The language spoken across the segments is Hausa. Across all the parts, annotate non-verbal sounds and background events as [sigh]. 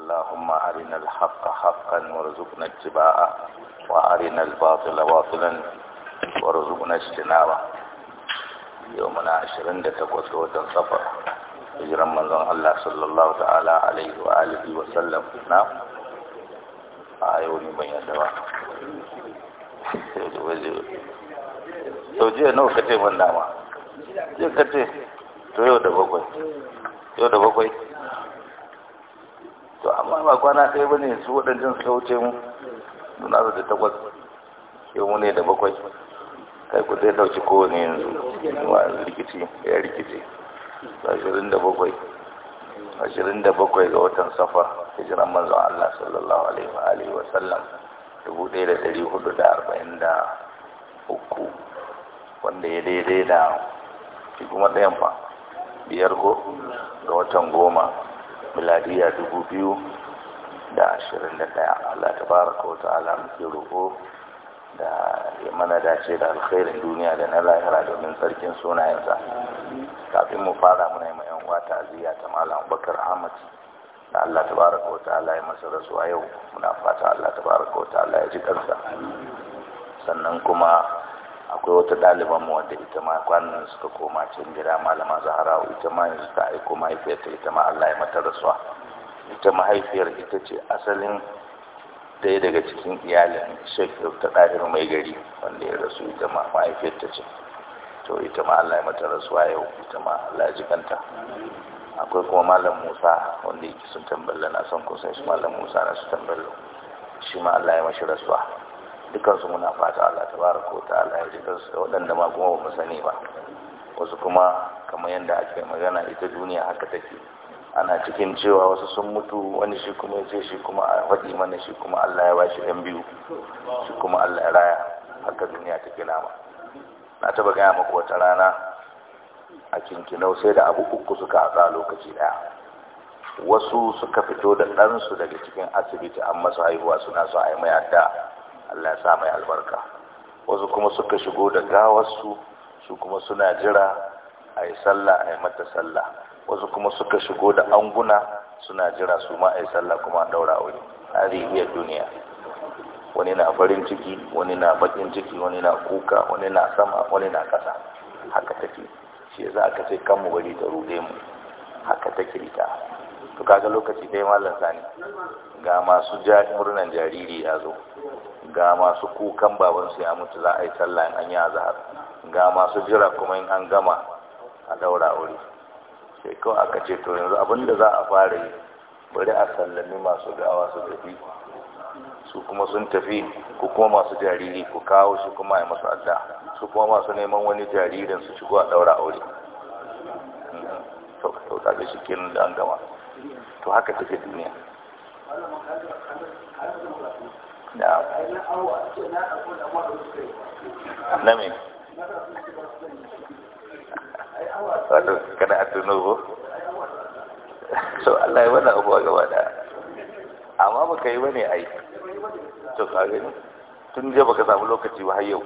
اللهم أرنا الحق حقا وارزقنا اتباعه وأرنا الباطل باطلا وارزقنا اجتنابه يومنا عشرين دتكوت وتن صفر hijiran manzon Allah sallallahu ta'ala alaihi wa alihi wa na a yau ne ban yadda ba da jiya nawa ce ban dama jiya ce. to yau da bakwai yau da bakwai to amma ba kwana ɗaya ba ne su waɗancan suka wuce mu suna da takwas mu ne da bakwai kai ku zai ko kowane yanzu ma rikici ya rikici ashirin da bakwai ashirin da bakwai ga watan safa jira manzon Allah sallallahu alaihi wa alihi wa sallam dubu ɗaya da ɗari hudu da arba'in da uku wanda ya daidai da shi kuma ɗayan fa biyar ko ga watan goma miladiya dubu biyu da ashirin da ɗaya Allah ta baraka wata ala muke roƙo da ya mana dace da alkhairin duniya da na lahira domin tsarkin sunayensa kafin mu fara muna yi ma yan uwa ta'aziyya ta malam bakar ahmad da Allah Ta baraka wa ta'ala ya masa rasuwa yau muna fata Allah baraka wa ta'ala ya ji kansa sannan kuma akwai wata ɗaliban mu wadda ita ma kwanan suka koma cikin gida malama zahara ita ma yanzu ta aiko mahaifiyarta ita ma Allah ya mata rasuwa ita mahaifiyar ita ce asalin ɗaya daga cikin iyalin Sheikh ta Dahir mai gari wanda ya rasu ita ma mahaifiyarta ce to ita ma Allah ya mata rasuwa yau ita ma Allah ya ji kanta? akwai kuma malam Musa wanda yake sun tamballa na son kusan shi malam Musa na su tamballa shi ma Allah ya mashi rasuwa dukansu muna fata Allah tabaraka wa ta'ala ya jika su waɗanda ma kuma ba sani ba wasu kuma kamar yadda ake magana ita duniya haka take ana cikin cewa wasu sun mutu wani shi kuma ce shi kuma a faɗi mana shi kuma Allah ya bashi ɗan biyu shi kuma Allah ya raya haka duniya take nama na taba gaya maku wata rana a kinkinau sai da abu uku suka haɗa lokaci ɗaya wasu suka fito da ɗansu daga cikin asibiti an masu haihuwa suna so a yi mai adda Allah ya sa mai albarka wasu kuma suka shigo da gawarsu su kuma suna jira a yi sallah a yi mata sallah wasu kuma suka shigo da anguna suna jira su ma a yi sallah kuma a daura wuri iya duniya wani na farin ciki wani na bakin ciki wani na kuka wani na sama wani na kasa haka take shi yasa aka ce kan mu bari ta rude mu haka take ita to kaga lokaci dai mallan sani ga masu murnan jariri ya zo ga masu kukan babansu ya mutu za a yi sallah in an yi azahar ga masu jira kuma in an gama a daura aure sai kawai aka ce to yanzu abinda za a fara yi bari a sallami masu gawa su tafi su kuma sun tafi ku kuma masu jariri ku kawo su kuma a masu adda su kuma masu neman wani jaririn su shigo a daura aure mm-hmm. to kaga shi kenan da an gama to haka take duniya na me wato kada a tuno ko so Allah abuwa gaba da amma baka yi bane ai to tun je baka samu lokaci ba har yau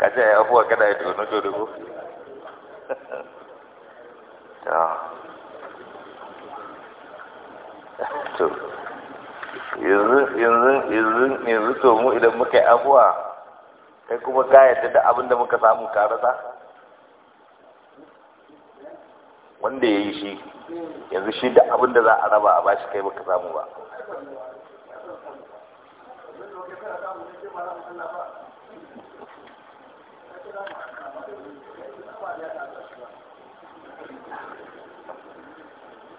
ka ya afuwa kada ya tuno ko [laughs] Ah. to yanzu yanzu yanzu yanzu to mu idan muka yi abuwa kai kuma ka yadda da abinda muka samu karasa wanda ya yi shi yanzu shi da abinda za a raba a bashi kai muka samu ba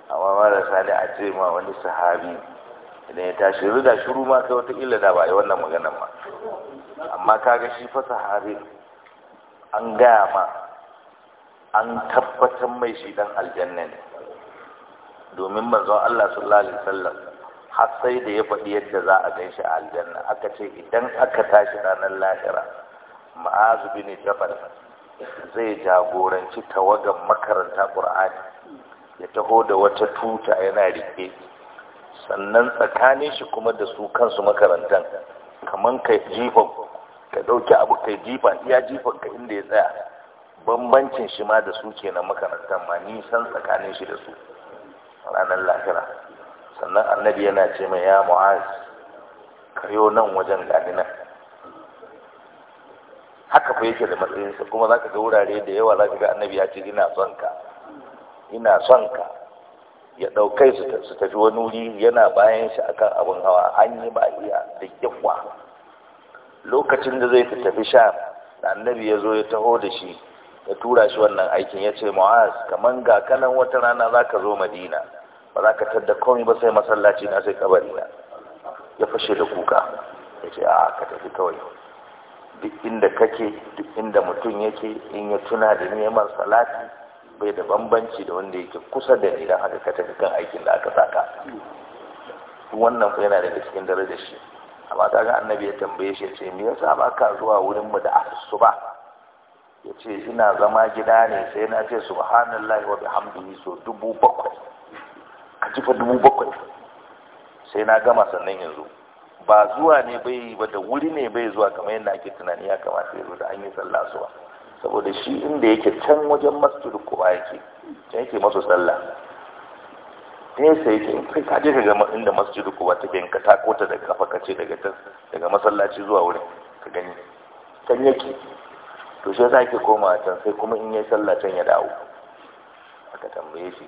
amma marasa da a ce ma wani sahabi idan ya tashi yanzu shiru ma kai wata illa da ba yi wannan maganan ma amma kaga shi fa sahabi an gaya ma an tabbatar mai shi dan aljanna ne domin manzon Allah sallallahu alaihi wasallam har sai da ya faɗi yadda za a gaishe a aljanna aka ce idan aka tashi ranar lahira ma'azu bin jabal zai jagoranci tawagan makaranta qur'ani ya taho da wata tuta yana rike sannan tsakanin shi kuma da su kansu makarantan kaman ka jifa ka ɗauki abu kai jifa iya jifan ka inda ya tsaya bambancin shi ma da su kenan makarantan ma nisan tsakanin shi da su ranar lahira sannan annabi yana ce mai ya mu'az karyo nan wajen gani haka fa yake da matsayinsa kuma za ka ga wurare da yawa za ka ga annabi ya ce ina son ka ina son ka ya ɗaukai su tafi wani wuri yana bayan shi akan abin hawa an yi ba iya da yawa lokacin da zai tafi sha da annabi ya zo ya taho da shi ya tura shi wannan aikin ya ce mu'az kaman ga kanan wata rana za ka zo madina ba za ka tadda komi ba sai masallaci na sai kabari na ya fashe da kuka ya ce a ka tafi kawai duk inda kake duk inda mutum yake in ya tuna da neman salati bai da bambanci da wanda yake kusa da ni don haka ka tafi kan aikin da aka saka wannan fa yana daga cikin darajar shi amma kaga annabi ya tambaye shi ce me yasa ba ka zuwa wurin mu da asuba ya ce ina zama gida ne sai na ce subhanallahi wa bihamdihi so dubu bakwai ka fa dubu bakwai sai na gama sannan yanzu ba zuwa ne bai ba da wuri ne bai zuwa kamar yadda ake tunani ya kamata ya zo da an yi sallah ba? saboda shi inda yake can wajen masjid kuba yake can yake masu sallah nesa yake in kai kaje ka ga inda masjid kuwa ta gani ka tako ta daga kafa kace daga daga masallaci zuwa wurin ka gani can yake to shi yasa yake komawa can sai kuma in yayi sallah can ya dawo aka tambaye shi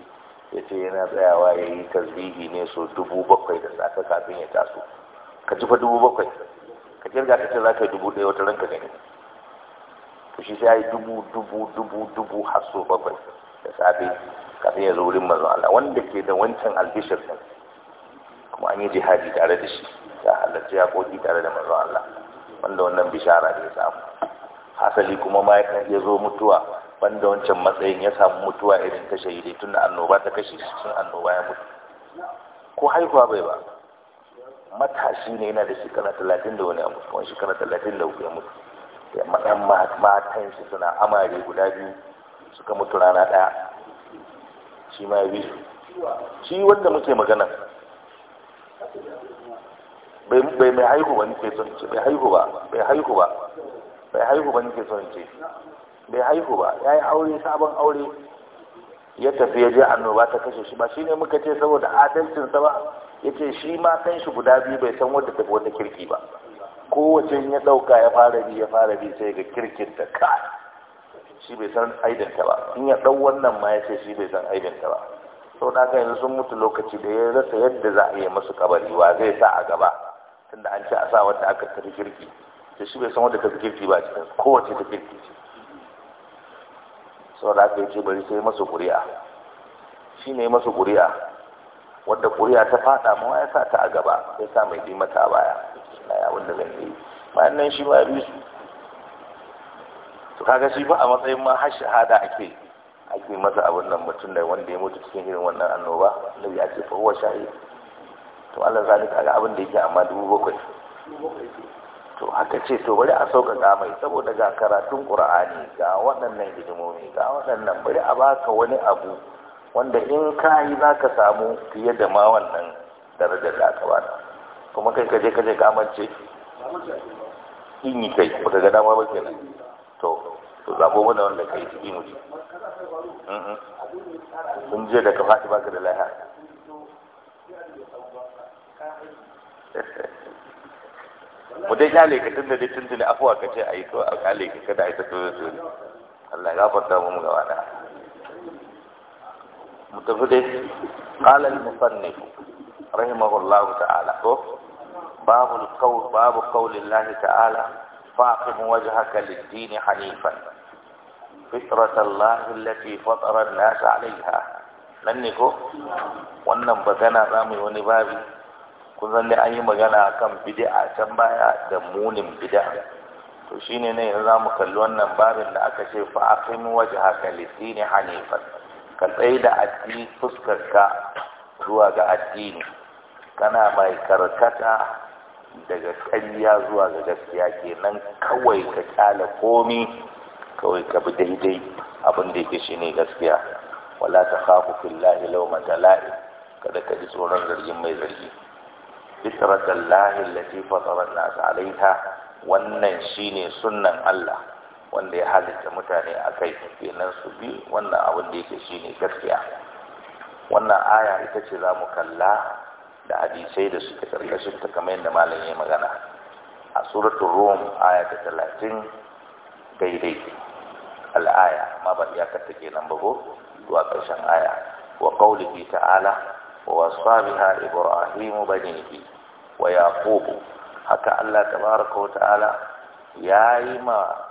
ya ce yana tsayawa ya yi tasbihi ne so dubu bakwai da safe kafin ya taso ka ji fa dubu bakwai ka kirga ka ce za ka yi dubu ɗaya wata ranka gani shi sai ya yi dubu dubu dubu dubu har so bakwai da safe kafin ya zo wurin mazan Allah wanda ke da wancan albishir ɗin kuma an yi jihadi tare da shi ya halarci ya koki tare da mazan Allah wanda wannan bishara ne ya samu hasali kuma ma ya zo mutuwa wanda wancan matsayin ya samu mutuwa irin ta tun da annoba ta kashe shi sun annoba ya mutu ko haihuwa bai ba matashi ne yana da shekara talatin da wani mutu wani shekara talatin da uku ya mutu yan matan shi suna amare guda biyu suka mutu rana ɗaya shi ma yi shi wanda muke magana bai mai haihu ba nike son ce bai haihu ba bai haihu ba bai haihu ba nike son ce bai haihu ba ya yi aure sabon aure ya tafi ya je annoba ta kashe shi ba shi ne muka ce saboda adalcinsa ba ya ce shi ma kan shi guda biyu bai san wadda tafi wata kirki ba kowace ya ɗauka ya fara bi ya fara bi sai ga kirkin da ka shi bai san aidanta ba in ya ɗau wannan ma ya ce shi bai san aidanta ba sau na yanzu sun mutu lokaci da ya rasa yadda za a yi masu kabari wa zai sa a gaba tunda an ce a sa wanda aka tafi kirki da shi bai san wanda tafi kirki ba cikin kowace ta kirki ce sau da aka yi ce bari sai masu ƙuri'a shi ne masu ƙuri'a wadda ƙuri'a ta faɗa ma ya sa ta a gaba ya sa mai bi mata a baya na ya wanda zan yi bayan nan shi ma bi su to kaga shi ba a matsayin ma har shahada ake ake masa abin nan mutum da wanda ya mutu cikin irin wannan annoba annabi ya ce fa huwa shahid to Allah zai kaga abin da yake amma dubu bakwai to haka ce to bari a sauƙaƙa mai saboda ga karatun ƙur'ani ga waɗannan hidimomi ga waɗannan bari a baka wani abu wanda in ka yi za ka samu fiye da ma wannan darajar da aka bada kuma kai kaje kaje ka amince in yi kai baka ga dama ba kenan to to zabo mana wanda kai yi, mu ji sun je da ka baka da lahiya [laughs] mu dai kyale ka tunda dai tuntuni afuwa ka ce a yi to a kyale ka kada a yi ta tsoro tsoro Allah ya gafarta mu gaba da mu tafi dai qala al-musannif rahimahullahu ta'ala to babu alqaul babu qaulillahi ta'ala faqim wajhaka lid-din hanifan fitratallahi allati fatara an-nas 'alayha nan ne ko wannan magana zamu yi wani babi kun san ne an yi magana akan bid'a can baya da munin bid'a to shine ne yanzu zamu kalli wannan babin da aka ce Fa aqim wajhaka lid-din hanifan ka tsaye da addini fuskarka zuwa ga addini kana mai karkata daga ƙarya zuwa ga gaskiya kenan kawai ka kyala komi kawai ka bi daidai abin da yake ne gaskiya wala ta khafu fillahi lawmata kada ka ji tsoron zargin mai zargi fitratan lahi allati fatara nas 'alayha wannan shine sunnan Allah wanda ya halitta mutane a akai kenan su bi wannan abin da yake shine gaskiya wannan aya ita ce za mu kalla da hadisai da suke karkashin ta kamar yadda malam ya magana a suratul rum aya ta talatin daidai al'aya amma ba iyakar ta kenan ba ko zuwa karshen aya wa qaulihi ta'ala wa wasa biha ibrahimu banihi wa Yaqub haka Allah tabaraka wa ta'ala yayi ma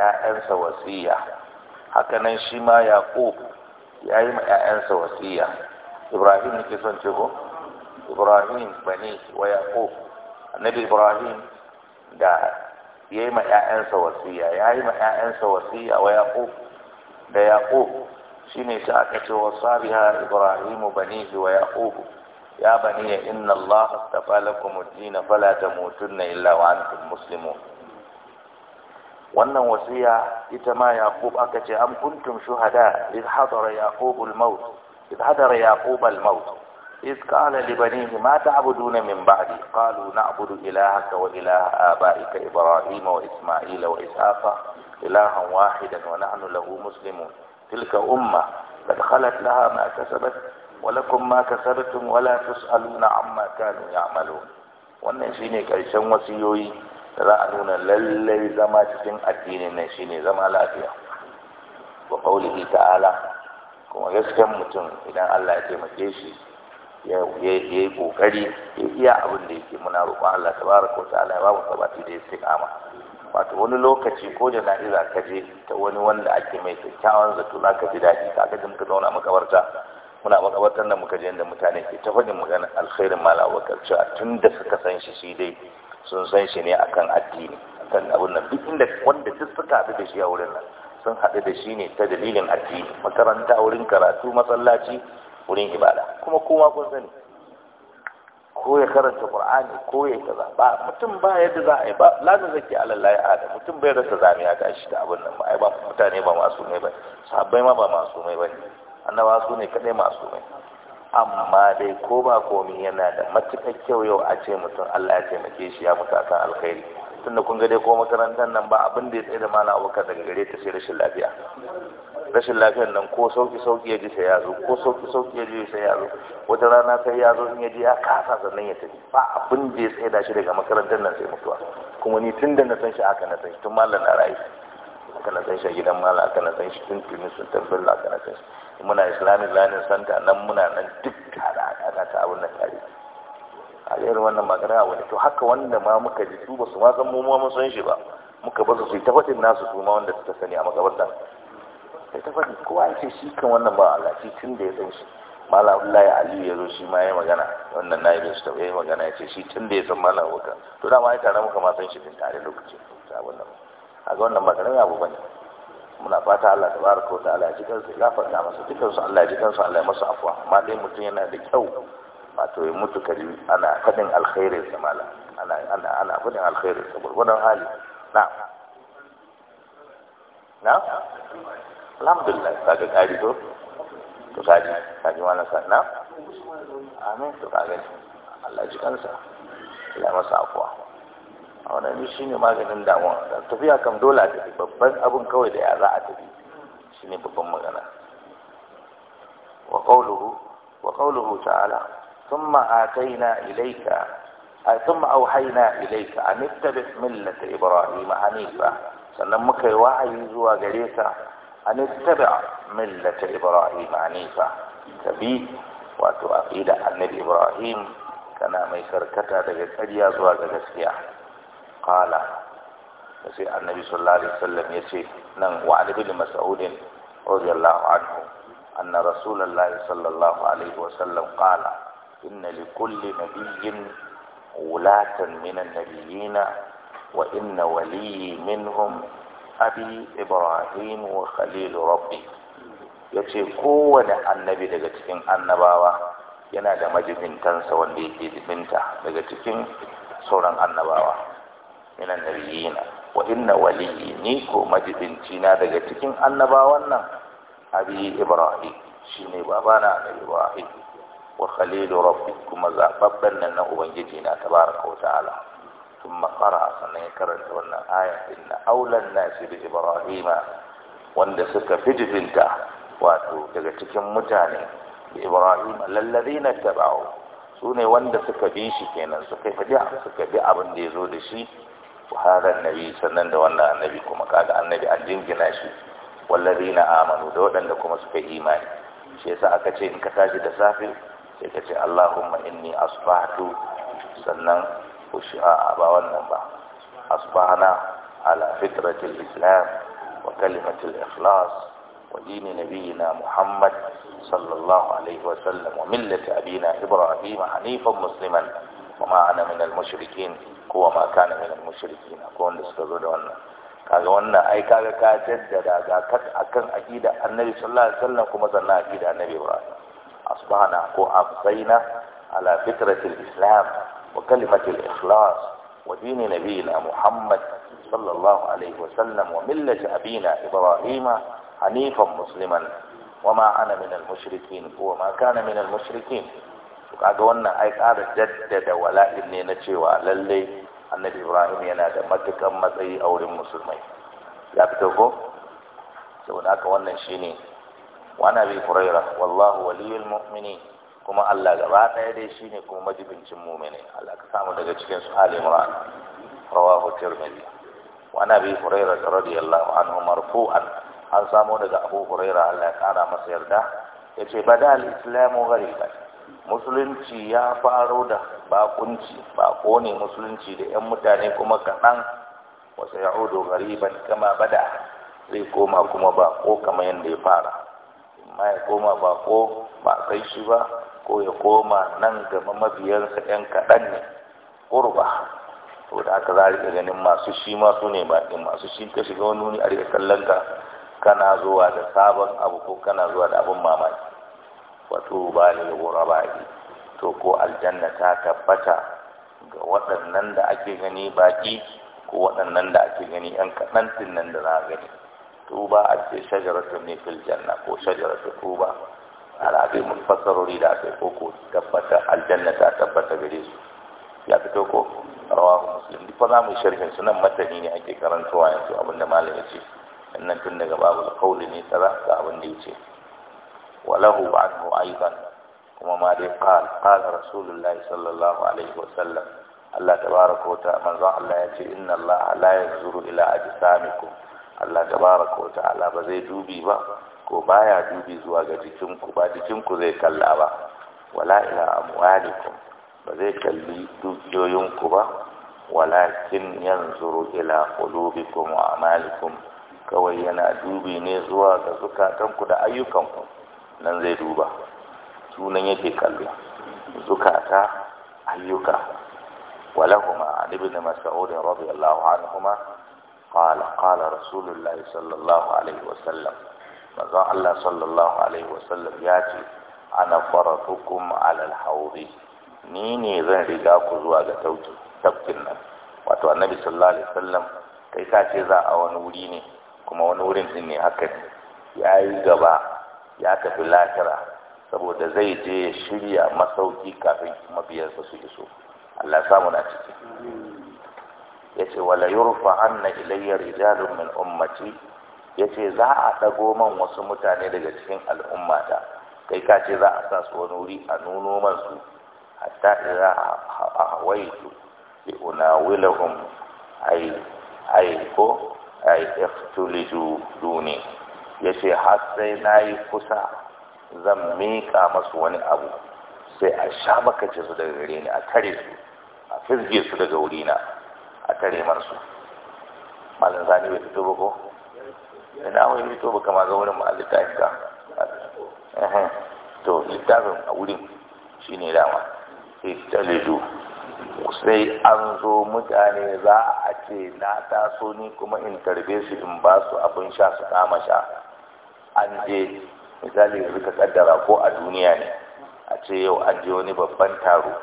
‘ya'yansa wasiya, haka nan shi ma Yaqub yayi ma ‘ya'yansa wasiya, Ibrahim yake son ce ko? إبراهيم بنيه ويعقوب النبي إبراهيم دا يما يا أنسى وصية يا يما يا أنسى وصية ويعقوب دا يعقوب شيني ساكة وصى بها إبراهيم بنيه ويعقوب يا بني إن الله اصطفى لكم الدين فلا تموتن إلا وأنتم مسلمون وانا wasiya اتما يعقوب yaqub ام كنتم شهداء اذ حضر يعقوب الموت اذ حضر يعقوب الموت إذ قال لبنيه ما تعبدون من بعدي قالوا نعبد إلهك وإله آبائك إبراهيم وإسماعيل وإسحاق إلها واحدا ونحن له مسلمون تلك أمة قد خلت لها ما كسبت ولكم ما كسبتم ولا تسألون عما كانوا يعملون wannan shine karshen wasiyoyi da za a nuna lallai zama cikin addinin nan shine zama lafiya wa qaulihi ta'ala kuma mutum idan Allah ya taimake shi ya yi kokari ya iya abin da yake muna roƙon Allah tabaraka wa ta'ala ya ba sabati da istiqama wato wani lokaci ko da na iza ka je ta wani wanda ake mai kyakkyawan zato na ka ji daɗi ka ga muka zauna makabarta muna makabartar da muka je inda mutane ke ta faɗin magana alkhairin mala bakar cewa tun da suka san shi shi dai sun san shi ne akan addini akan abin nan duk inda wanda duk suka haɗu da shi a wurin nan sun haɗu da shi ne ta dalilin addini makaranta wurin karatu masallaci wurin ibada kuma kuma kun sani ko ya karanta qur'ani ko ya kaza ba mutum ba yadda za a yi ba la da zaki alallahi ada mutum bai rasa zamiya ga shi da abin nan ba ai ba mutane ba masu ne ba sahabbai ma ba masu ne ba annaba su ne kadai masu ne amma dai ko ba komi yana da matukar kyau yau a ce mutum Allah ya taimake shi ya mutu akan alkhairi tunda kun ga dai ko makarantar nan ba abin da ya tsaye da mana abokan daga gare ta sai rashin lafiya rashin lafiyar nan ko sauki sauki ya ji sai ya zo ko sauki sauki ya ji sai ya zo wata rana sai ya zo in ya ji ya kasa sannan ya tafi ba abin da ya tsaye da shi daga makarantar nan sai mutuwa kuma ni tun da na san shi aka na san shi tun mallan na rayu aka na san shi a gidan mallan aka na san shi tun tuni sun tambayar aka na san shi muna islamic learning center nan muna nan duk tare aka ta abin nan tare a irin wannan magana wani to haka wanda ma muka ji su ba su ma san mu ma mun san shi ba muka ba su su yi tafatin, nasu su ma wanda suka sani a magabatar sai ta faɗi kowa ya ce shi kan wannan ba Allah shi tun da ya san shi mala ya aliyu ya zo shi ma ya magana wannan na yi ibn Sutawi ya magana ya ce shi tun da ya san mala Abubakar to da ma ya tare muka ma san shi tun tare lokaci sabon nan a ga wannan ba karamin ba ne muna fata Allah ta baraka wa ta'ala ya ji kansu ya faɗa masa dukkan su Allah ya ji kansu Allah ya masa afwa amma dai mutum yana da kyau wato ya mutu kari ana faɗin alkhairin sa mala ana ana ana faɗin alkhairin sa gurgurdan hali na na alhamdulillah kaga kari to to kaji kaji wannan sannan amin to kaga Allah ji kansa Allah masa akwa a wannan shi ne maganin damuwa da tafiya kam dole ta tafi babban abun kawai da ya za a tafi shine babban magana wa qawluhu wa qawluhu ta'ala thumma atayna ilayka ثم أوحينا إليك أن اتبع ملة إبراهيم حنيفا sannan muka yi wahayi zuwa gare ka أن اتبع ملة ابراهيم عنيفة تبي وتؤكد ان ابراهيم كان ميسر كتا دقيت اجيا زواج قال يسي النبي صلى الله عليه وسلم يسي نن نعم، وعد بن مسعود رضي الله عنه ان رسول الله صلى الله عليه وسلم قال ان لكل نبي ولاة من النبيين وان ولي منهم abi ibrahim wa khalil rabbi yace kowane annabi daga cikin annabawa yana da majibintansa wanda yake jibinta daga cikin sauran annabawa min annabiyina wa inna waliyyi ni ko majibincina daga cikin annabawan nan abi ibrahim shine babana annabi ibrahim wa khalilu rabbi kuma zababben nan na ubangiji na tabaraka wa ta'ala ثم قرأ سنكر وأن آية إن أولى الناس بإبراهيم وأن سك فجفنت واتو تجتكم متاني بإبراهيم للذين اتبعوا سوني وأن سك بيشي كينا سك فجاء سك بيع من يزود شيء وهذا النبي سنن وأن النبي كما قال النبي أنجن جناشي والذين آمنوا دودا لكم سك إيمان شيء سأكتشي إن كتاجي دسافي sai ka ce Allahumma inni asbahtu sannan ko shi a ba wannan ba asbahana ala fitratil islam wa kalimatil ikhlas wa dini nabiyina muhammad sallallahu alaihi wa sallam wa millati abina ibrahim hanifan musliman wa ma ana min al mushrikin ko wa ma kana min al mushrikin ko wanda suka zo da wannan kaga wannan ai kaga ka jaddada ga akan aqida annabi sallallahu alaihi wasallam kuma sannan aqida annabi ibrahim asbahana ko afsaina ala fitratil islam وكلمة الإخلاص ودين نبينا محمد صلى الله عليه وسلم وملة أبينا إبراهيم حنيفا مسلما وما أنا من المشركين هو كان من المشركين kaga wannan ai ƙara jaddada wala'in ne na cewa lallai annabi ibrahim yana da matukan matsayi a wurin musulmai ya fito ko saboda haka wannan shine wa nabi hurairah wallahu waliyul mu'minin kuma Allah gaba ɗaya dai shi ne kuma majibincin mumini Allah ka samu daga cikin su Ali Imran rawahu Tirmidhi wa Nabi Hurairah radiyallahu anhu marfu'an an samu daga Abu Hurairah Allah ya kara masa yarda Ya yace bada al-islamu ba. musulunci ya faro da bakunci bako ne musulunci da yan mutane kuma kaɗan wasu ya'udu gariban kama bada zai koma kuma bako kamar yadda ya fara ma ya koma bako ba kai shi ba ko ya koma nan gama mabiyansa ‘yan kaɗan ne ƙurba to da aka za a riƙa ganin masu shi masu ne baƙin masu shi ka shiga wani wuni a riƙa kallon ka kana zuwa da sabon abu ko kana zuwa da abin mamaki wato ba ne ba to ko aljanna ta tabbata ga waɗannan da ake gani baƙi ko waɗannan da ake gani ‘yan kaɗan nan da za a gani tuba a ce ta ne filjanna janna ko ta tuba arabi mun fassarori da aka yi koko tabbata aljanna ta tabbata gare su ya fito ko rawahu muslim duk za mu sharhin sunan matani ne ake karantowa yanzu abinda malam ya ce sannan tun daga babu kauli ne tsara ga abin da ya ce walahu anhu aidan kuma ma dai qal qala rasulullah sallallahu alaihi wasallam Allah tabaraka wa ta'ala manzo Allah ya ce inna Allah la yanzuru ila ajsamikum Allah tabaraka wa ta'ala ba zai dubi ba ko baya dubi zuwa ga jikinku ba jikinku zai kalla ba wala ila amwalikum ba zai kalli dukiyoyinku ba walakin yanzuru ila qulubikum wa amalikum kawai yana dubi ne zuwa ga zukatanku da ayyukanku nan zai duba sunan yake kallo zukata ayyuka ولهما عن ابن مسعود رضي الله عنهما قال قال رسول الله صلى الله عليه وسلم manzon Allah sallallahu alaihi wasallam ya ce ana faratukum alal hauri ni ne zan riga ku zuwa ga tauki tafkin nan wato annabi sallallahu alaihi wasallam kai ka ce za a wani wuri ne kuma wani wurin din ne haka ne ya yi gaba ya tafi lafira saboda zai je ya shirya masauki kafin mabiyansa su iso Allah samu na ciki ya ce wala yurfa anna ilayya rijalun min ummati ya ce za a ɗago man wasu mutane daga cikin al'ummata kai ka ce za a sa su wani wuri a nuno man su hatta idza hawaitu li unawilahum ay ay ko ay iftuliju duni yace har sai na yi kusa zan mika masu wani abu sai a sha makace su daga gare ni a tare su a fizge su daga wurina a tare marsu malin zane bai fito ko ina na baka ga wurin ma littafi ka to littafin a wurin shine dama sai sai an zo mutane za a ce na taso ni kuma in tarbe su in ba su abin sha su kama sha an je misali yanzu ka kaddara ko a duniya ne a ce yau an je wani babban taro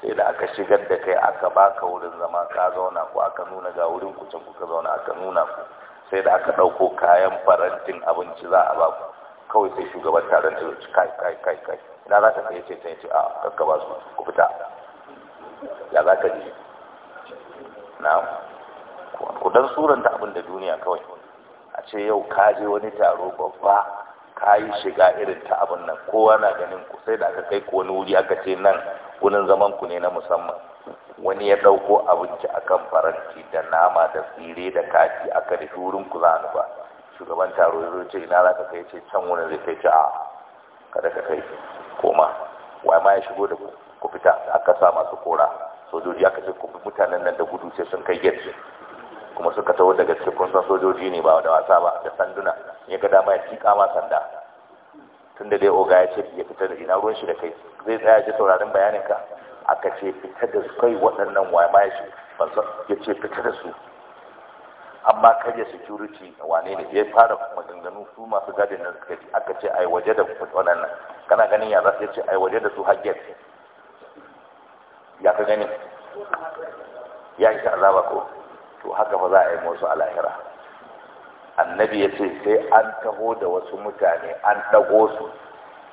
sai da aka shigar da kai aka baka wurin zama ka zauna ko aka nuna ga wurin ku kuka zauna aka nuna ku sai da aka ɗauko kayan farantin abinci za a baku kawai sai shugaban taron ta zuci kai kai kai kai ina za ka kai ce can ce a ah, kakka ba su ku fita ya za ka ji na ku dan suranta abin da duniya kawai a ce yau ka je wani taro babba ka yi shiga irin ta abin nan kowa na ganin ku sai da aka kai ku wani wuri aka ce nan gunin zaman ku ne na musamman wani ya ɗauko abinci akan faranti da nama da tsire da kaji aka da wurin ku za ba shugaban taro ya ce ina za ka kai ce can wani zai kai ce a kada ka kai koma wai ma ya shigo da ku fita aka sa masu kora sojoji aka ce ku mutanen nan da gudu sai sun kai gate kuma suka taho daga cikin sojoji ne ba da wasa ba da sanduna ya ga dama ya tika ma sanda tunda dai oga ya ce ya fita da ina ruwan shi da kai zai tsaya ji sauraron bayanin ka aka ce fita da su kai waɗannan waya ma shi ya ce fita da su amma karya security wane ne ya fara maganganu su masu gadin nan suka ji aka ce ai waje da waɗannan kana ganin ya za su ce ai waje da su hajjiyar ya ka gani ya isa azaba ko to haka fa za a yi musu alahira annabi ya ce sai an taho da wasu mutane an ɗago su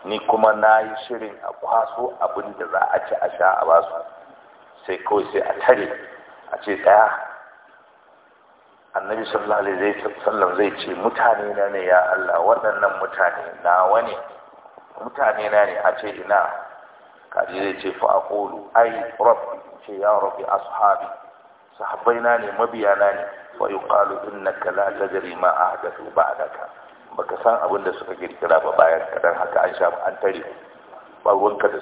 ni kuma na yi shirin a kwaso abin da za a ci a sha a basu sai kawai sai a tare a ce ɗaya annabi sallallahu alaihi zai ce mutane na ne ya Allah waɗannan mutane nawa ne mutane na ne a ce ina kaji zai ce fa aqulu ai rabbi ce ya rabbi ashabi sahabbai na ne mabiya na ne wa yuqalu innaka la tadri ma ahdathu ba'daka baka san abin da suka kirkira ba bayan kadan haka an sha an tare ba ruwanka da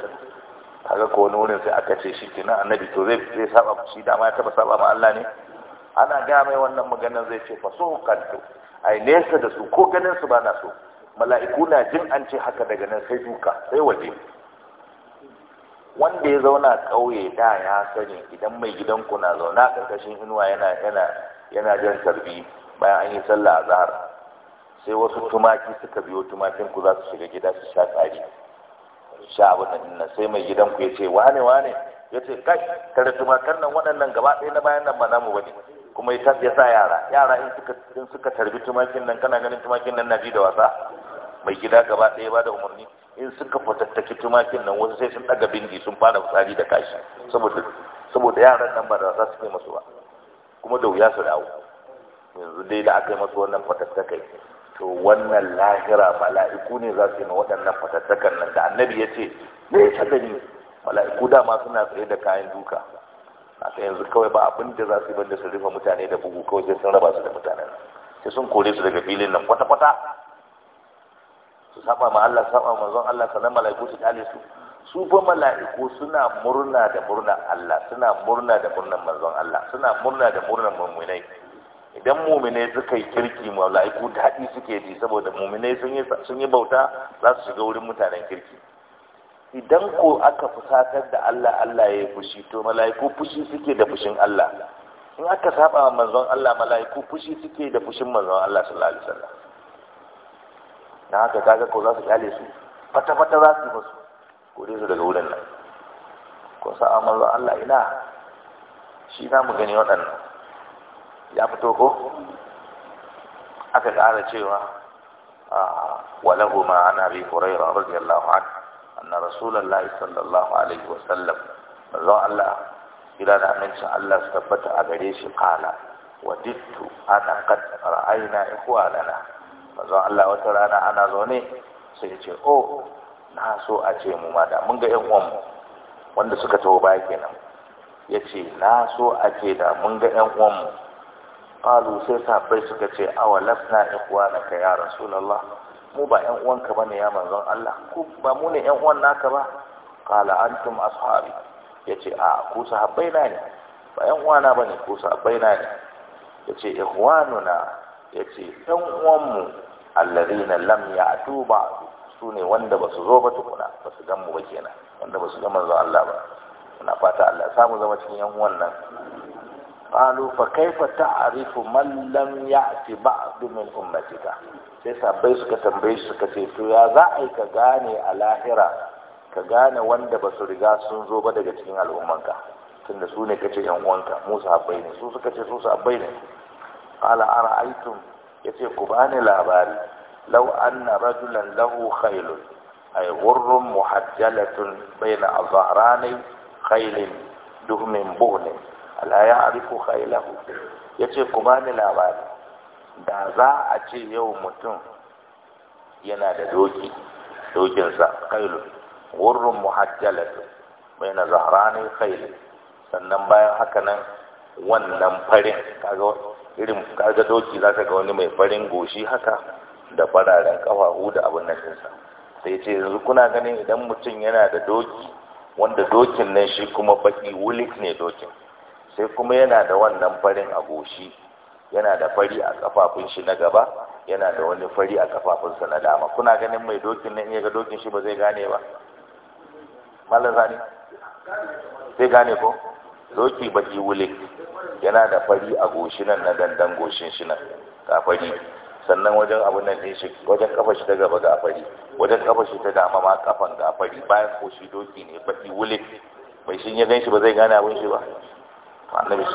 kaga ko wani wurin sai aka ce shi kenan annabi to zai zai saba shi da ma ya taba saba ma Allah ne ana ga mai wannan maganar zai ce fa so kanto ai nesa da su ko ganin su ba na so mala'iku na jin an ce haka daga nan sai duka sai waje wanda ya zauna ƙauye da ya sani idan mai gidanku na zauna ƙarƙashin inuwa yana yana yana jan tarbi bayan an yi sallah a zahar sai wasu tumaki suka biyo tumakin ku za su shiga gida su sha tsari su sha abin nan dinnan sai mai gidanku ya ce wane wane ya ce kai kare tumakan nan waɗannan gaba ɗaya na bayan nan ba namu ba ne? kuma ya sa yara yara in suka in suka tarbi tumakin nan kana ganin tumakin nan na ji da wasa mai gida gaba ɗaya ba da umarni in suka fatattaki tumakin nan wasu sai sun ɗaga bindi sun fara fitsari da kashi saboda yaran nan ba da za su kai masu ba kuma da wuya su dawo yanzu dai da aka yi masu wannan fatattakai to wannan lahira mala'iku ne za su yi ma waɗannan fatattakan nan da annabi ya ce ne ta ni? mala'iku dama suna tsaye da kayan duka a yanzu kawai ba abin da za su yi banda su rufe mutane da bugu kawai sai sun raba su da mutanen sai sun kore su daga filin nan kwata-kwata su saba ma Allah saba ma manzon Allah sanan mala'iku su kale su su fa mala'iku suna murna da murna Allah suna murna da murnan manzon Allah suna murna da murnan mu'minai idan mu'minai suka yi kirki mala'iku daɗi suke ji saboda mu'minai sun yi sun yi bauta za su shiga wurin mutanen kirki idan ko aka fusatar da Allah Allah ya yi fushi to mala'iku fushi suke da fushin Allah in aka saba manzon Allah mala'iku fushi suke da fushin manzon Allah sallallahu alaihi wasallam na haka kaga ko za su kyale su fata-fata za su yi musu kore su daga wurin nan ko sa amalwa Allah ina shi na mu gani waɗannan ya fito ko aka ƙara cewa walahu ma an abi hurairah radiyallahu anhu anna rasulullahi sallallahu alaihi wa sallam zo Allah ila da amincin Allah su tabbata a gare shi kala dittu ana qad ra'ayna ikhwanana Mazan Allah wata rana ana zaune sai ya ce oh na so a ce mu ma da mun ga ƴan uwanmu wanda suka taho baya kenan ya ce na so a ce da mun ga ƴan uwanmu qalu sai sahabbai suka ce awa na ka ya rasulallah mu ba ƴan uwanka ne, ya mazan Allah ku ba mu ne ƴan uwan naka ba qala antum ashabi yace a ku sahabbai na ne ba ƴan uwana ne, ku sahabbai na ne Ya yace ikhwanuna yace ɗan uwanmu alladhina lam ya'tu su ne wanda basu zo ba tukuna basu gan mu ba kenan wanda basu ga manzon Allah ba muna fata Allah samu zama cikin yan uwan nan qalu fa kaifa ta'rifu man lam ya'ti ba'd min ummatika sai sabai suka tambaye suka ce to ya za a yi ka gane a lahira ka gane wanda ba su riga sun zo ba daga cikin al'ummanka tunda su ne kace yan uwanka mu sahabbai ne su suka ce su abai ne qala ara'aytum yace ku bani labari law anna rajulan lahu khaylun ay ghurrun muhajjalatun bayna azharani khaylin duhmin bughni ala ya'rifu khaylahu yace ku bani labari da za a ce yau mutum yana da doki dokinsa khaylun ghurrun muhajjalatun bayna zahrani khaylin sannan bayan haka nan wannan farin kaga irin kaga doki za ka ga wani mai farin goshi haka da fararen ƙafafu da abin nan ɗinsa sai ce yanzu kuna ganin idan mutum yana da doki wanda dokin nan shi kuma baki wulik ne dokin sai kuma yana da wannan farin a goshi yana da fari a kafafun shi na gaba yana da wani fari a kafafunsa na dama kuna ganin mai dokin nan ya ga dokin shi ba zai gane ba malam zani sai gane ko doki baki wulik yana da fari a goshi nan na dandan goshin shi nan ga fari sannan wajen abin nan ɗin shi wajen kafa shi ta gaba ga fari wajen kafa shi ta dama ma kafan ga fari bayan ko shi doki ne baki wule mai shin ya gan shi ba zai gane abin shi ba annabi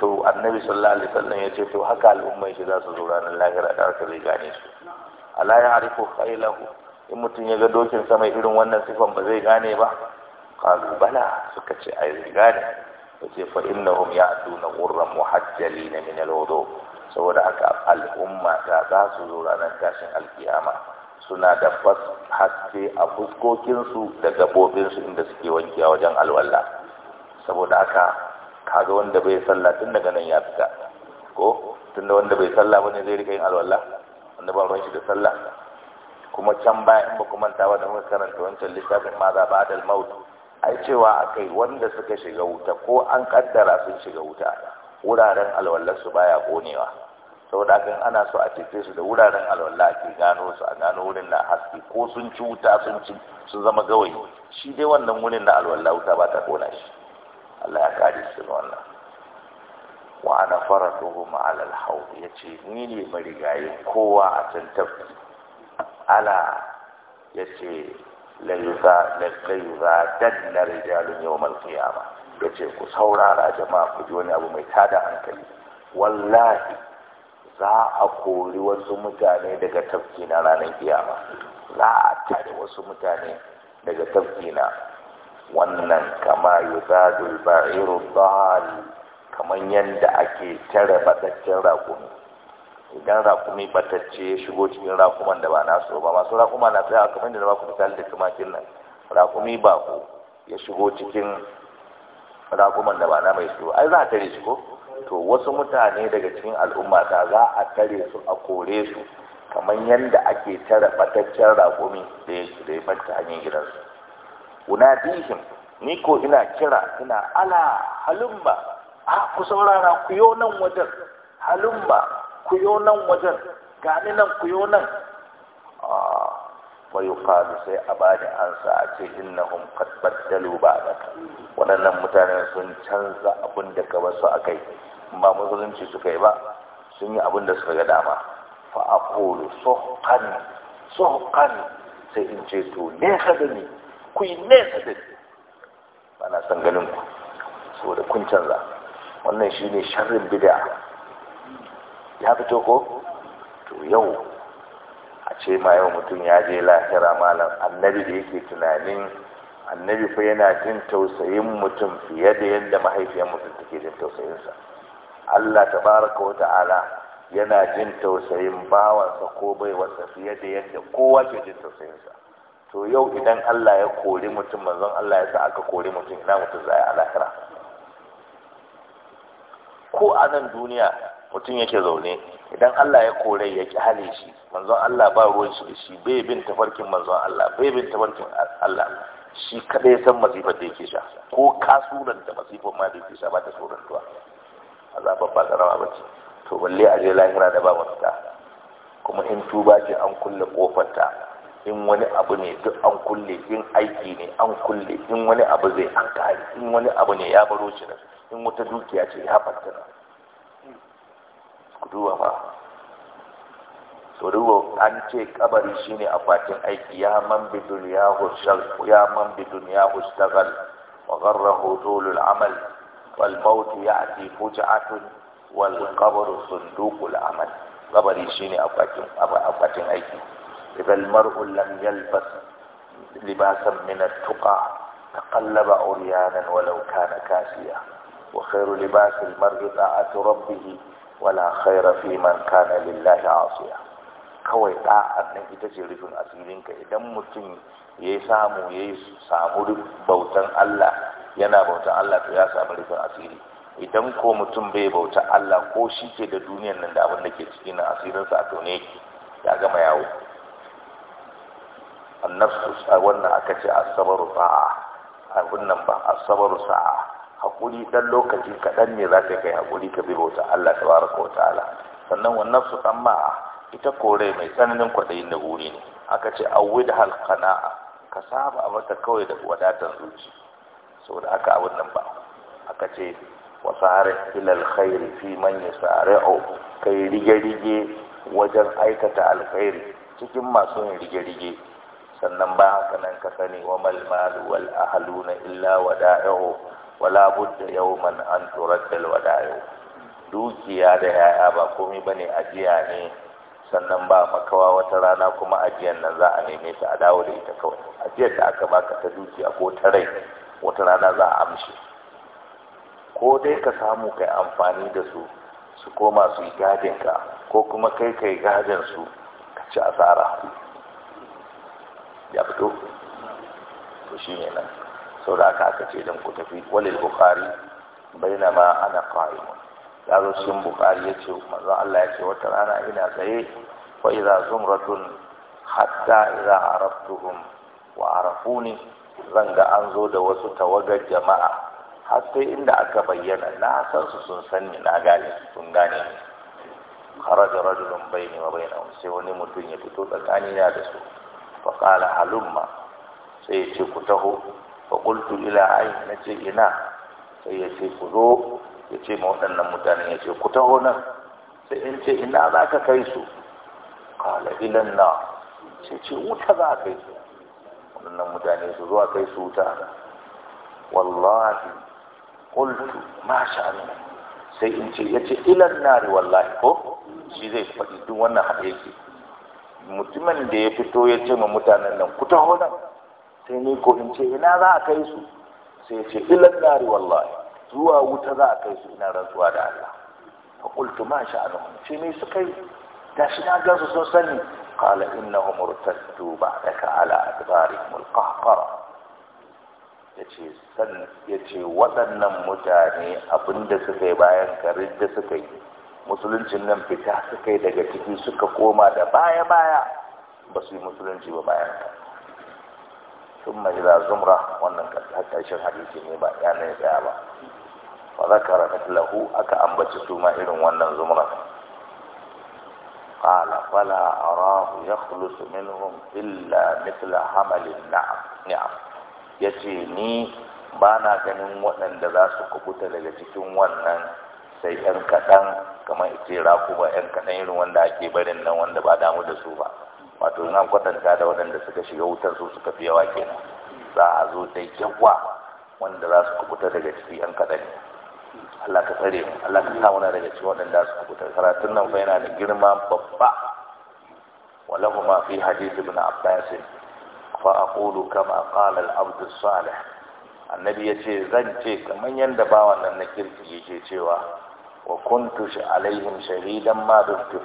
to annabi sallallahu alaihi wasallam ya ce to haka al'ummai shi za su zo ranar lahira da aka zai gane su ala ya harifu khailahu in mutum ya ga dokin sama irin wannan sifan ba zai gane ba kalu bala suka ce ai zai gane yace fa innahum ya'tuna ghurran muhajjalin min al-wudu saboda haka al'umma ta za su zo ranar tashin alkiyama suna da fas haske a fuskokinsu da gabobinsu inda suke wankewa wajen alwala saboda haka kaga wanda bai sallah tun daga nan ya fita ko tun da wanda bai sallah bane zai rika yin alwala wanda ba ruwan shi da sallah kuma can baya in ba kuma ta wani muka karanta wancan littafin ma za ba adal maut ai cewa akai wanda suka shiga wuta ko an kaddara sun shiga wuta wuraren alwallar su baya konewa saboda kan ana so a cece su da wuraren alwala ake gano su a gano wurin da haske ko sun ci wuta sun ci sun zama gawayi shi dai wannan wurin da alwallah wuta ba ta kona shi Allah ya kare su da wannan wa ana faratuhum ala al ya yace ni ne marigayi kowa a can ala yace laiza danna rijalun yawmal Ya ce ku saurara jama'a ku ji wani abu mai tada hankali wallahi za a kori wasu mutane daga tafki na ranar kiyama za a tare wasu mutane daga tafki na wannan kama yuzadul ba'iru dal kaman yanda ake tare badaccen raƙumi idan rakumi batacce ya shigo cikin rakuman da ba nasu ba masu rakuma na a kamar da na baku da tumakin nan rakumi ba ku ya shigo cikin rakuman da ba na mai su ai za a tare shi ko to wasu mutane daga cikin al'umma ta za a tare su a kore su kamar yadda ake tare bataccen rakumi da ya da ya bata hanyar gidansu unadihim ni ko ina kira ina ala halumma a ku saurara ku yau nan wajen halumma kuyo nan wajen gani nan kuyo nan wa ah, yuqalu sai a bani ansa a ce innahum qad baddalu ba'daka waɗannan mutane sun canza abin da ka basu akai ba musulunci suka yi ba sun yi abin da suka ga dama fa aqulu suhqan suhqan sai in ce to ne da ni ku yi ne da ni ba na san ganin ku saboda kun canza wannan shine sharrin bid'a ya fito ko to yau a ce ma yau mutum ya je lahira malam annabi da yake tunanin annabi fa yana jin tausayin mutum fiye da yadda mahaifiyar mutum take jin tausayinsa Allah tabaraka wa ta'ala yana jin tausayin bawansa ko baiwarsa fiye da yadda kowa ke jin tausayinsa to yau idan Allah ya kori mutum manzon Allah ya sa aka kori mutum ina mutum za a lahira ko a nan duniya mutum yake zaune idan Allah ya kore ya ki hale shi manzon Allah ba ruwan shi da shi bai bin tafarkin manzon Allah bai bin tafarkin Allah shi kadai ya san masifar da yake sha ko kasuran da masifar ma da yake sha ba ta tsoron tuwa azabar ba karama ba ce to balle a je lahira da ba mafita kuma in tuba ce an kulle kofarta in wani abu ne duk an kulle in aiki ne an kulle in wani abu zai an kare in wani abu ne ya baro shi nan in wata dukiya ce ya fatta duba ma to duba an ce kabari shine akwatin aiki ya man bi dunya hushal ya man bi dunya hustagal wa gharrahu tulul amal wal maut ya'ti fuj'atun wal qabru sunduqul amal kabari shine akwatin akwatin aiki idan mar'u lam yalbas libasan min at-tuqa تقلب عريانا ولو كان كاسيا وخير لباس المرء طاعة ربه wala khaira fi man kana lillahi asiya kawai 'da nan ita ce rufin asirinka idan mutum ya samu ya samu bautan Allah yana bautan Allah to ya samu rufin asiri idan ko mutum bai bauta Allah ko shi ke da duniyar nan da abin da ke cikin asirinsa a tone ya gama yawo annafsu wannan aka ce asabaru sa'a nan ba asabaru sa'a haƙuri ɗan lokaci kaɗan ne za ta kai haƙuri ka bi bauta Allah ta wa ta'ala sannan wannan su ɗan ma'a ita kore mai tsananin kwaɗayin da wuri ne aka ce awwid hal qana'a ka saba mata kawai da wadatar zuci saboda haka abin nan ba aka ce wa sare ilal fi man yasari'u kai rige rige wajen aikata alkhairi cikin masu yin rige rige sannan ba haka nan ka sani wa mal malu wal ahluna illa wada'u wala budda yawman an turaddal wadayo dukiya da yaya ba komai bane ajiya ne sannan ba makawa wata rana kuma ajiyan nan za a neme ta a dawo da ita kawai ajiyar da aka baka ta dukiya ko ta rai wata rana za a amshi ko dai ka samu kai amfani da su su koma su yi gadin ka ko kuma kai kai gadin su ka ci asara ya fito to shi ne nan sau da aka aka ce don ku tafi walil bukari na ma ana qa'imun ya zo cikin bukari ya ce mazan Allah ya ce wata rana ina tsaye wa idza ratun hatta idza araftuhum wa arafuni zan ga an zo da wasu tawagar jama'a har sai inda aka bayyana na san su sun san ni na gane sun gane ni kharaja rajulun bayni wa bainahum sai wani mutum ya fito tsakanina da su fa qala halumma sai ya ce ku taho fa qultu ila ayi ayn ce ina sai ya ce ku zo ya ce ma waɗannan mutanen ya ce ku taho nan sai in ce ina za ka kai su kala ilan na ce ce wuta za a kai su waɗannan mutane su zo a kai su wuta na, wallahi qultu masha sha'anu sai in ce ya ce ilan nari wallahi ko shi zai faɗi duk wannan haɗe yake mutumin da ya fito ya ce ma mutanen nan ku taho nan sai ni ko in ce ina za a kai su sai ce ilan nari wallahi zuwa wuta za a kai su ina rantsuwa da Allah fa qultu ma sha'anuhum ce me su kai shi na gansu sun sani qala innahum murtaddu ba'daka ala adbarihim alqahqara yace san yace waɗannan mutane abinda suka yi bayan karin da suka yi musuluncin nan fita suka yi daga ciki suka koma da baya baya ba su yi musulunci ba bayan ka ثم إلى زمرة وأنك حتى يشهد حديث مبا يعني يا أبا فذكر مثله أك أنبت ثم إلى وأن زمرة قال فلا أراه يخلص منهم إلا مثل حمل النعم نعم يتيني بانا كنم وأن دراس كبوت لجتم وأن سيئن كتان كما يصير أكوبا إن كتان وأن دا كيبرن وأن دا دسوفا wato na kwatanta da waɗanda suka shiga wutar su suka fi yawa kenan za a zo da yawa wanda za su kubuta daga ciki an ne Allah ka tsare mu Allah ka samu daga cikin waɗanda su kubuta karatun nan fa yana da girma babba walahu ma fi hadith ibn Abbas fa aqulu kama qala al-abd salih annabi yace zan ce kaman yanda bawan nan na kirki yake cewa wa kuntu alaihim shahidan ma dumtu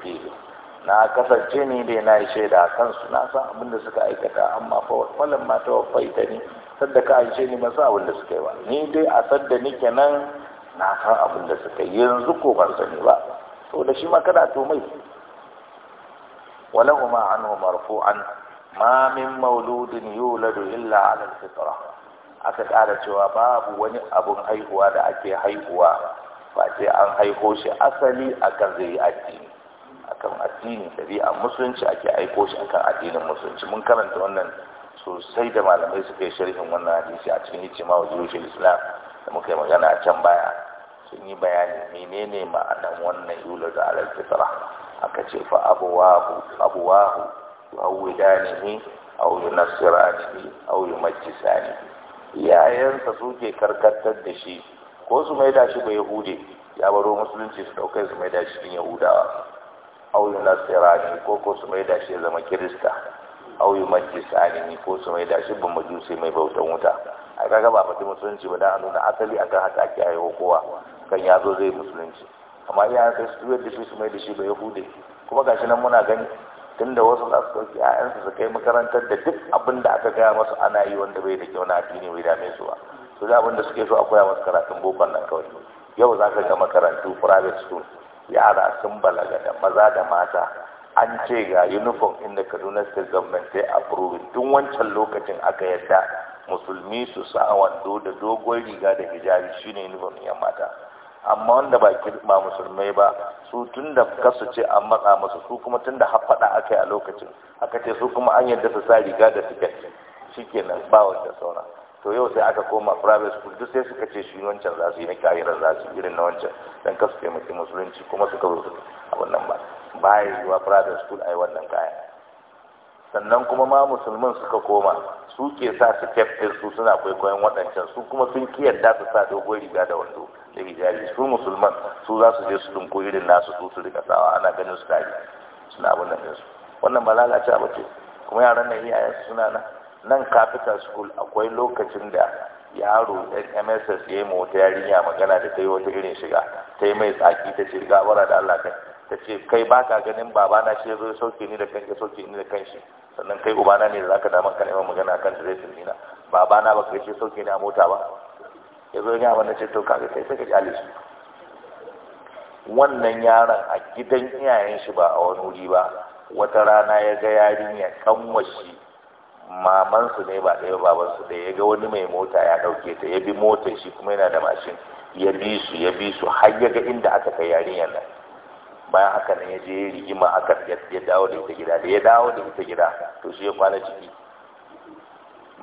na kasance ni dai na yi shaida a kansu na san abin da suka aikata amma falon ma ta wafai ta ni sadda ka aishe ni ba san abin da suka yi ba ni dai a sadda ni kenan na san abin da suka yi yanzu ko ban sani ba to da shi ma kana to mai wala huma anhu marfu'an ma min mauludin yuladu illa ala al-fitra aka ƙara cewa babu wani abun haihuwa da ake haihuwa face an haiho shi asali akan zai yi addini addinin ɗabi'a musulunci ake aiko shi akan addinin musulunci mun karanta wannan sosai da malamai suka yi sharhin wannan hadisi a cikin hikima wa jirushin islam da muka yi magana a can baya sun yi bayani menene ma'anan wannan yula da alal fitra aka ce fa abuwahu abuwahu yu'awwidanihi aw yunassiranihi aw yumajjisanihi iyayensa suke karkatar da shi ko su maida shi ba yahude ya baro musulunci su ɗaukar su maida shi yahudawa yi nasira shi ko ko su mai da shi zama kirista yi majis ne ko su mai da shi ban majusi mai bautan wuta a kaga ba fati musulunci ba dan a nuna asali akan haka ake haihuwa kowa kan ya zo zai musulunci amma ya kai su tuwar da shi su mai da shi ba yahude kuma gashi nan muna gani tunda wasu za su ɗauki ‘ya'yansu su kai makarantar da duk abin da aka gaya masu ana yi wanda bai da kyau na addini bai dame su ba su da abin da suke so a koya masu karatun bokon nan kawai yau za ka ga makarantu private school yara sun balaga da maza da mata an ce ga uniform inda kaduna state government a approve tun wancan lokacin aka yadda musulmi su sa wando da dogon riga da hijabi shine uniform yan mata amma wanda ba ba musulmai ba su tun da kasu ce an matsa musu su kuma tun da hafaɗa aka yi a lokacin aka ce su kuma an yadda su sa riga da tiket shikenan ba wanda sauran to yau sai aka koma private school duk sai suka ce shi wancan za su yi na kayarar za su irin na wancan don kasu taimaki musulunci kuma suka zo a wannan ba yi zuwa private school a yi wannan kaya sannan kuma ma musulmin suka koma su ke sa su kyaftin su suna kwaikwayon waɗancan su kuma sun ki yadda su sa dogon riga da wando da hijabi su musulman su za su je su dunko irin nasu su su rika sawa ana ganin su tari suna abin da su wannan ba lalace ba ce kuma yaran nan iyayen suna nan nan capital school akwai lokacin da yaro ɗan mss ya yi mota yarinya magana da ta yi wata irin shiga ta yi mai tsaki ta ce gabara da allah kai ta ce kai ba ka ganin baba na shi ya sauke ni da kanka sauke ni da kanshi sannan kai ubana ne da zaka da kan neman magana kan da zai na, baba na baka ce sauke ni a mota ba ya zo ya na ce to ga kai sai ka ji shi wannan yaron a gidan iyayen shi ba a wani wuri ba wata rana ya ga yarinya kanwashi mamansu ne ba ɗaya babansu ɗaya ya ga wani mai mota ya ɗauke ta ya bi mota shi kuma yana da mashin ya bi su ya bi su har ya ga inda aka kai yarinyar nan bayan haka nan ya je ya rigima aka ya dawo da ita gida da ya dawo da ita gida to shi ya kwana ciki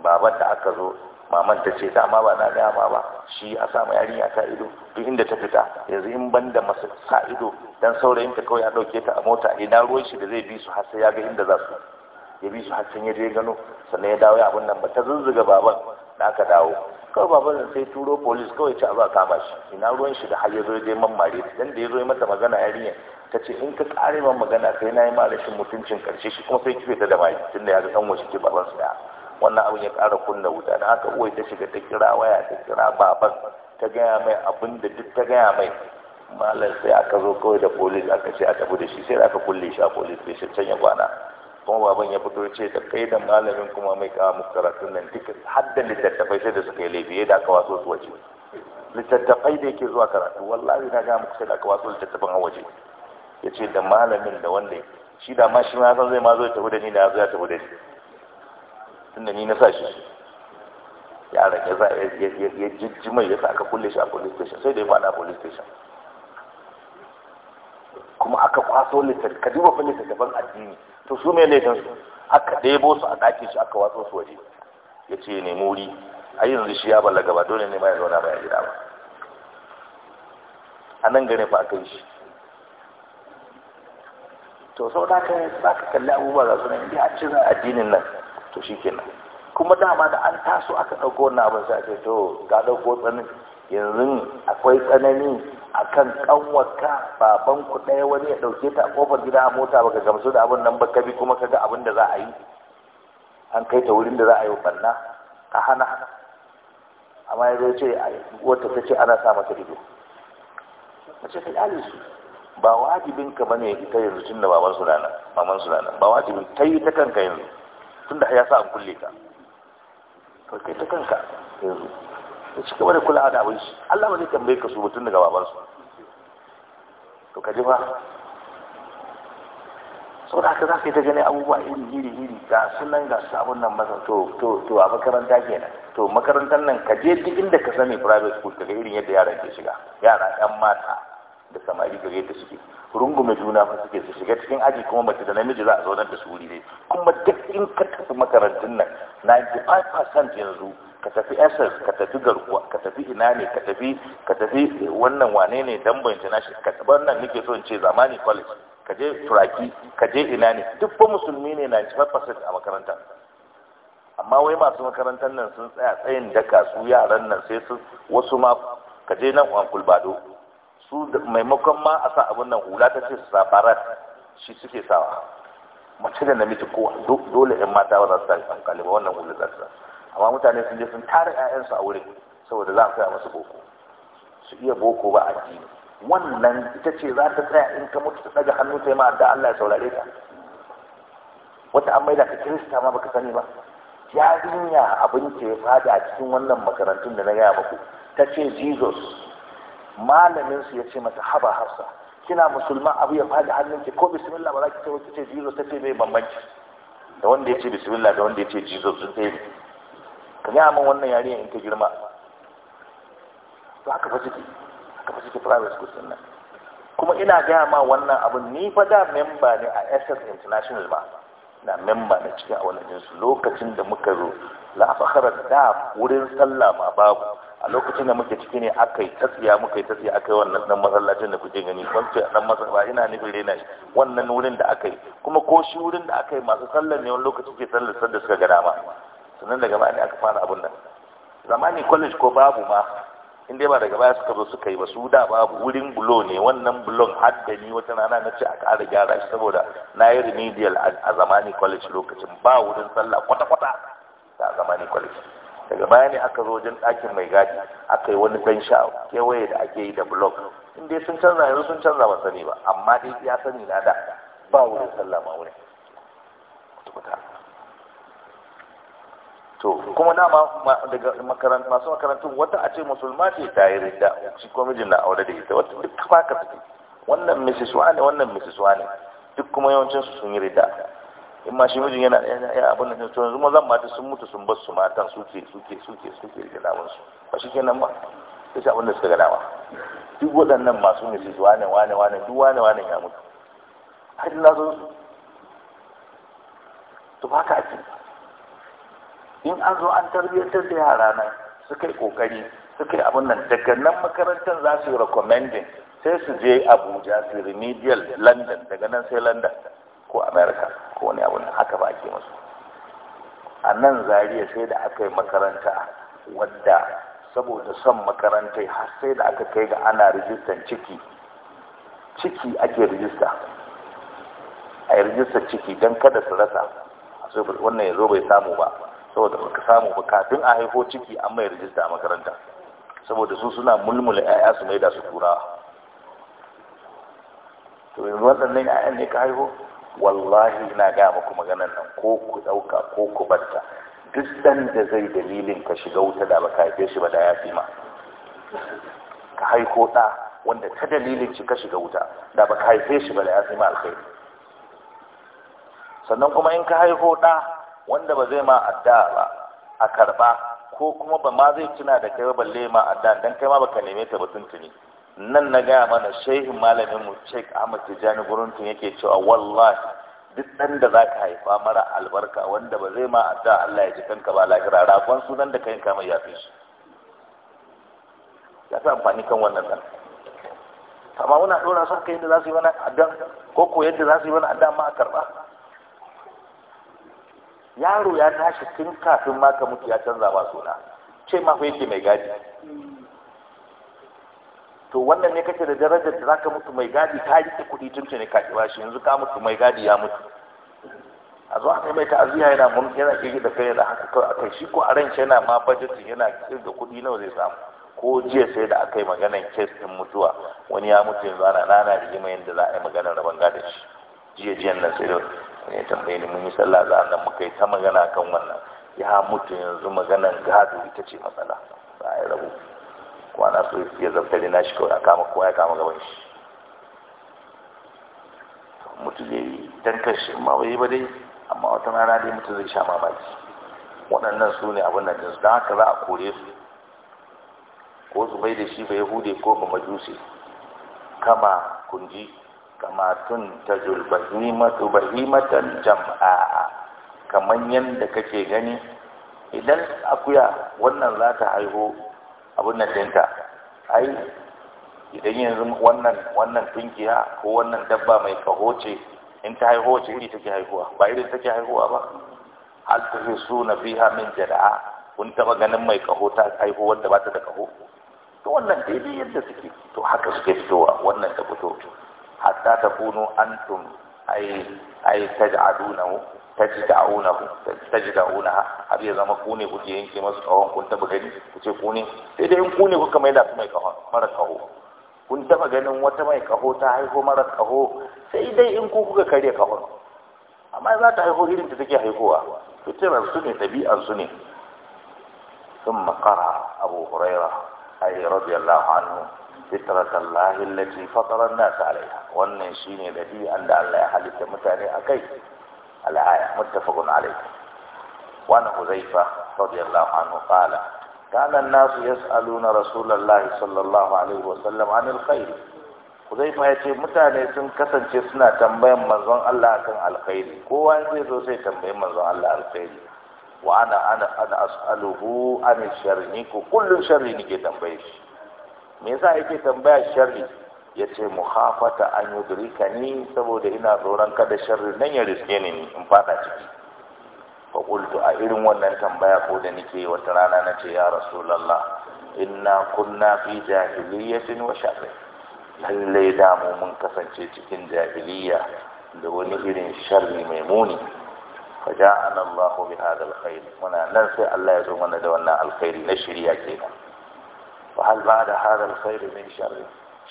baban da aka zo maman ta ce dama ba na dama ba shi a sama yarinya ta ido duk inda ta fita yanzu in ban da masu sa ido dan saurayinta kawai ya ɗauke ta a mota ina ruwan shi da zai bi su har sai ya ga inda za su ya bi su har ya je gano sannan ya dawo abun abin nan ba ta zuzzuga baban da aka dawo kawai baban sai turo polis kawai ci a kama shi ina ruwan shi da har ya zo je man mare dan da ya zo mata magana ya ta ce in ka kare man magana sai na yi ma rashin mutuncin karshe shi kuma sai kife ta da mai tunda ya ga san wasu ke baban su wannan abin ya kara kunna wuta da haka uwai ta shiga ta kira waya ta kira baban ta gaya mai abin da duk ta gaya mai malar sai aka zo kawai da polis aka ce a tafi da shi sai aka kulle shi a polis station can ya kwana kuma baban ya fito ce da kai da malamin kuma mai kawo muku karatun nan duk haddan littattafai sai da suka yi laifi ya da aka waso su waje littattafai da yake zuwa karatu wallahi na ga muku sai da aka waso littattafan a waje ya ce da malamin da wanda shi da ma shi ma san zai ma zo ya tafi da ni da ya zo ya tafi da ni tun da ni na sa shi yaran ya za ya jijjimai ya sa aka kulle shi a police station sai da ya faɗa a police station kuma aka kwaso ka duba fa littattafan addini to su mai laifin su aka ɗebo su a ɗakin shi aka watsa su waje ya ce ne muri a yanzu shi ya ballaga ba dole ne ma ya zauna ba ya gida ba a nan gane fa aka yi shi to sau da ka za ka kalli abubuwa za su nan inda a cire addinin nan to shi kenan kuma dama da an taso aka ɗauko wannan abin sai a ce to ga ɗauko tsanin yanzu akwai tsanani a kan ƙanwarka baban ku ɗaya wani ya ɗauke ta a ƙofar gida a mota baka gamsu da abin nan ba ka bi kuma kaga abin da za a yi an kai ta wurin da za a yi banna a hana amma ya zai ce wata ta ce ana sa mata ido mace ka yi su ba wajibin ka bane ita yanzu tun da baban su nan maman su nan ba wajibin ta yi ta kanka yanzu tun da ya sa an kulle ka kai ta kanka yanzu ya ci gaba da kula da abin shi Allah ba zai tambaye ka su mutum daga babansu to ka ji ba sau da aka zafi yi ta gani abubuwa iri iri iri ga sunan ga sabon nan masa to to to a makaranta kenan to makarantar nan ka je duk inda ka sani private school ka ga irin yadda yaran ke shiga yara yan mata da samari ga yadda suke rungume juna fa suke su shiga cikin aji kuma mace da namiji za a zo nan da su wuri dai kuma duk in ka tafi makarantun nan 95% yanzu ka tafi essence ka tafi garkuwa ka tafi ina ne ka tafi ka tafi wannan wane ne dan ban international ka wannan nake so in ce zamani college ka je turaki ka je ina ne duk ba musulmi ne na fafasa a makaranta amma wai masu makarantar nan sun tsaya tsayin daka su yaran nan sai su wasu ma ka je nan uwan kulbado su maimakon ma a sa abin nan hula ta ce su safarar shi suke sawa mace da namiji kowa dole yan mata ba za su sa hankali ba wannan hula za su sa amma mutane sun je sun tara 'ya'yansu a wurin saboda za a koya masu boko su iya boko ba addini wannan ita ce za ta tsaya in ka mutu ta daga hannu sai ma da Allah ya saurare ta wata an maida ka kirista ma baka sani ba yarinya abin ke fada a cikin wannan makarantun da na gaya muku ta ce jesus malamin su ya ce mata haba hafsa kina musulma abu ya fada hannun ki ko bismillah ba za ki ce wata ce jesus ta ce mai bambanci da wanda ya ce bismillah da wanda ya ce jesus sun ta yi ka ga min wannan yarinya in ta girma to ka fa suke ka fi ciki private school din nan kuma ina gaya ma wannan abin ni fa da memba ne a SS International ba na memba na cikin wannan jinsu lokacin da muka zo la fakhara da wurin sallah ma babu a lokacin da muke ciki ne aka yi tatsiya muka yi tatsiya aka yi wannan dan masallacin da kuke gani kwanci a dan masallaci ina nufin rena shi wannan wurin da aka yi kuma ko shi wurin da aka yi masu sallar ne wani lokaci ke sallar sadda suka ga dama sannan daga baya ne aka fara abun nan zamani college ko babu ma in dai ba daga baya suka zo suka yi ba su da babu wurin bulo ne wannan bulon haddani wata rana na ce a ƙara gyara shi saboda na yi remedial a zamani college lokacin ba wurin sallah kwata-kwata a zamani college daga baya ne aka zo wajen ɗakin mai gadi aka yi wani ban sha kewaye da ake yi da blog in dai sun canza yanzu sun canza ba sani ba amma dai ya sani na da ba wurin sallah ma wurin to kuma dama daga makarantu masu makarantun wata a ce musulma ce ta yi ridda shi ko mijin na aure da ita wata duk ba ka fiti wannan mrs wane wannan mrs wane duk kuma yawancin su sun yi ridda in ma shi mijin yana ya abin da to yanzu mazan mata sun mutu sun bar su matan suke suke suke suke da namun su ba shi kenan ba sai abin da suka gada ba duk waɗannan masu mrs wane wane wane duk wane wane ya mutu har na zo su to ba ka ake in an zo an tarbiyyantar da yara nan suka yi kokari suka yi abin nan daga nan makarantar za su yi recommending sai su je abuja su remedial london daga nan sai london ko america ko wani abu haka ba ake musu a nan zariya sai da aka yi makaranta wadda saboda son makarantar har sai da aka kai ga ana rijistan ciki ciki ake rijista a yi rijistar ciki don kada su rasa wannan ya zo bai samu ba saboda baka samu ba kafin a haifo ciki an mai rijista a makaranta saboda su suna mulmula 'ya'ya su mai da su turawa to yanzu waɗannan 'ya'yan ne ka haihu wallahi ina gaya muku maganar nan ko ku ɗauka ko ku barta duk ɗan da zai dalilin ka shiga wuta da baka haife shi ba da ya fi ma ka haiko ɗa wanda ta dalilin shi ka shiga wuta da baka haife shi ba da ya fi ma alkhairi sannan kuma in ka haiko ɗa wanda ba zai ma adda ba a karba ko kuma ba ma zai tuna da kai balle ma adda dan kai ma baka neme ta ba tuntuni nan na gaya mana shehin malamin mu Sheikh Ahmad Tijani tun yake cewa wallahi duk ɗan da za ka haifa mara albarka wanda ba zai ma adda Allah ya ji kanka ba lahira rakon sunan da kai kama ya fi shi ya sa amfani kan wannan dan amma muna ɗora son kai yadda za su yi mana addan ko ko yadda za su yi mana addan ma a karba. yaro ya tashi tun kafin ma ka mutu ya canza ba suna ce ma fa yake mai gadi to wannan ne kace da darajar da zaka mutu mai gadi ka ta kuɗi tun tuni ka ba shi yanzu ka mutu mai gadi ya mutu a zuwa kai mai ta'aziyya yana mun yana kiri da kai da haka kawai akai shi ko a ran yana ma budgeting yana da kuɗi nawa zai samu ko jiya sai da aka yi maganar kes din mutuwa wani ya mutu yanzu ana nana rigima yadda za a yi maganar rabon gadi shi jiya jiyan nan sai da ya tambaye ni mun yi sallah da annan muka yi ta magana kan wannan ya mutu yanzu maganan gado ita ce matsala za a yi rabu kwana so ya zartare na shi kawai a kama kowa ya kama gaban shi mutu zai yi dan kashi ma bai ba dai amma wata rana dai mutu zai sha mamaki waɗannan su ne abin da jinsu don haka za a kore su ko su bai da shi bai hude ko ba majusi kama kunji kama tun ta zulbahimatu bahimatan jam'a kamar yadda kake gani idan akuya wannan za ta haihu abin da dinka, ai idan yanzu wannan wannan tunkiya ko wannan dabba mai kaho ce in ta haihuwa ce iri take haihuwa ba iri take haihuwa ba hal ta su na fiha min jada'a kun taba ganin mai kaho ta haihu wanda ba ta da kaho to wannan daidai yadda suke to haka suke fitowa wannan ta fito hatta takunu antum ay ay taj'alunahu tajda'unahu tajda'unaha har ya zama ku ne yanke masu kawon kun taba gani ku ce ku sai dai in ku kuka mai da su mai kun taba ganin wata mai kaho ta haihu mara kaho sai dai in ku kuka karya kawon amma za ta haihu irin ta take haihuwa Fitilar su ne ɗabi'ar su ne sun makara abu huraira ayi radiyallahu anhu فطرة الله التي فطر الناس عليها wannan shine dabi'an da Allah ya halitta mutane akai al-aya muttafaqun alayh wa an huzaifa radiyallahu anhu qala kana an-nasu yas'aluna rasulullahi sallallahu alaihi wa sallam An anil khair huzaifa yace mutane sun kasance suna tambayan manzon Allah akan alkhairi kowa zai zo sai tambayi manzon Allah alkhairi wa ana ana ana as'aluhu an sharri ni ko kullu sharri ke tambaye shi me yasa yake tambaya sharri yace mukhafata an ni saboda ina tsoron kada sharri nan ya riske ni in fada ciki fa qultu a irin wannan tambaya ko da nake wata rana nace ya rasulullah inna kunna fi jahiliyyatin wa sharri lallai da mu mun kasance cikin jahiliya da wani irin sharri mai muni فجاءنا الله بهذا الخير alkhair muna nan sai Allah ya zo mana da wannan alkhairi na shirya kenan fa hal ba da hada alkhairu min sharri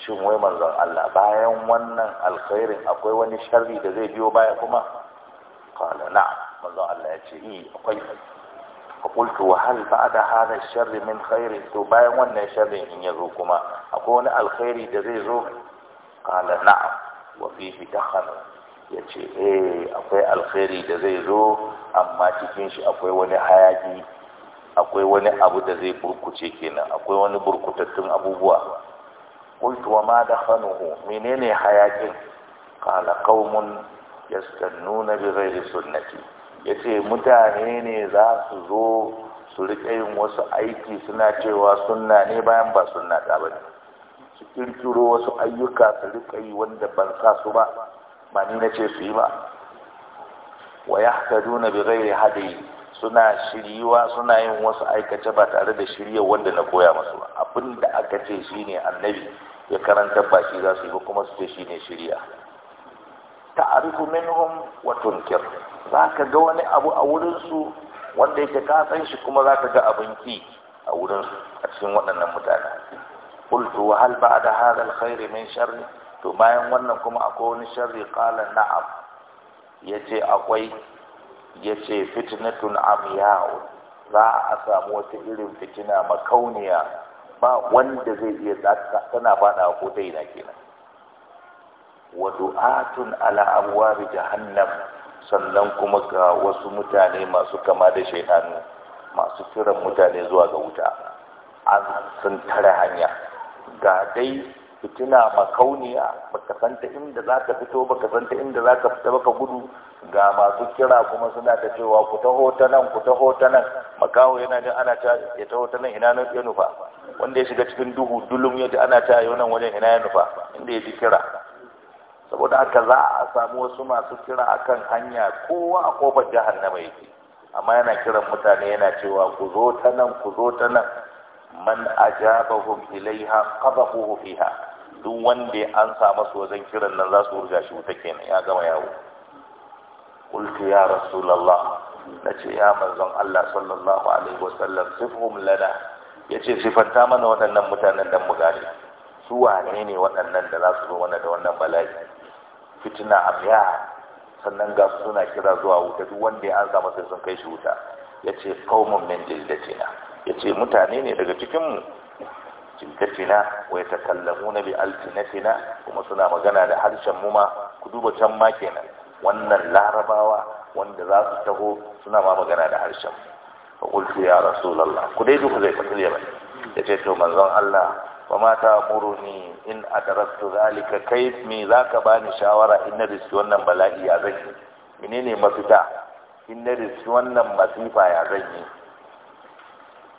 shin wai manzon Allah bayan wannan alkhairin akwai wani sharri da zai biyo baya kuma qala na'am manzon Allah ya ce eh akwai fa qultu wa hal ba da hada sharri min khairi to bayan wannan sharrin in yazo kuma akwai wani alkhairi da zai zo qala na'am wa fihi dakhala ya ce eh akwai alkhairi da zai zo amma cikin shi akwai wani hayaki akwai wani abu da zai burkuce kenan akwai wani burkutattun abubuwa qultu wa ma fanuhu menene hayakin qala qaumun yastannuna bi ghairi sunnati yace mutane ne za su zo su rike yin wasu aiki suna cewa sunna ne bayan ba sunna ta ba su kirkiro wasu ayyuka su rika yi wanda ban sa su ba ba ni nace su yi ba wa yahtaduna bi ghairi hadi suna shiriwa suna yin wasu aikace ba tare da shirya wanda na koya masu ba abin da aka ce shi ne annabi ya karanta ba shi za su yi kuma su ce ne shirya ta'arifu minhum wa tunkir ka ga wani abu a wurinsu wanda yake ka san shi kuma za zaka ga abin ki a wurinsu a cikin waɗannan mutane qultu wa hal ba'da hadha alkhair min shari, to bayan wannan kuma akwai wani sharri qala na'am yace akwai ya ce fitnatun amyahu za a samu wata irin fitina makauniya ba wanda zai iya tana bada ko ta ina kenan wa du'atun ala abwab jahannam sannan kuma ga wasu mutane masu kama da shaidanu masu kiran mutane zuwa ga wuta an sun tare hanya ga dai fitina makauniya baka santa ta inda zaka fito baka santa ta inda zaka fita baka gudu ga masu kira kuma suna ta cewa ku taho ta nan ku taho ta nan makaho yana jin ana ta ya taho ta nan ina nan ya nufa wanda ya shiga cikin duhu dulum ya ji ana ta yau nan wajen ina ya nufa inda ya ji kira saboda haka za a samu wasu masu kira akan hanya kowa a kofar jahannama yake amma yana kiran mutane yana cewa ku zo ta nan ku zo ta nan man ajabahum ilaiha qadahuhu fiha duk wanda ya samu masa wajen kiran nan za su wurga shi wuta kenan ya gama yawo qultu ya na ce ya manzon Allah sallallahu alaihi wasallam sifhum lana ce sifanta mana waɗannan mutanen dan mu gane su wane ne waɗannan da za su zo mana da wannan bala'i fitina abya sannan ga su suna kira zuwa wuta duk wanda ya samu masa sun kai shi wuta Ya yace qaumun min jildatina ce mutane ne daga cikinmu. wai wa na bi alsinatina kuma suna magana da harshen mu ma ku duba can ma kenan wannan larabawa wanda za su taho suna ma magana da harshen fa qultu ya rasulullah ku dai duka zai fatul Ya ce to manzon Allah wa ma ta'muruni in adraktu zalika kai me zaka bani shawara in na riski wannan bala'i ya zai menene mafita in na riski wannan masifa ya yi.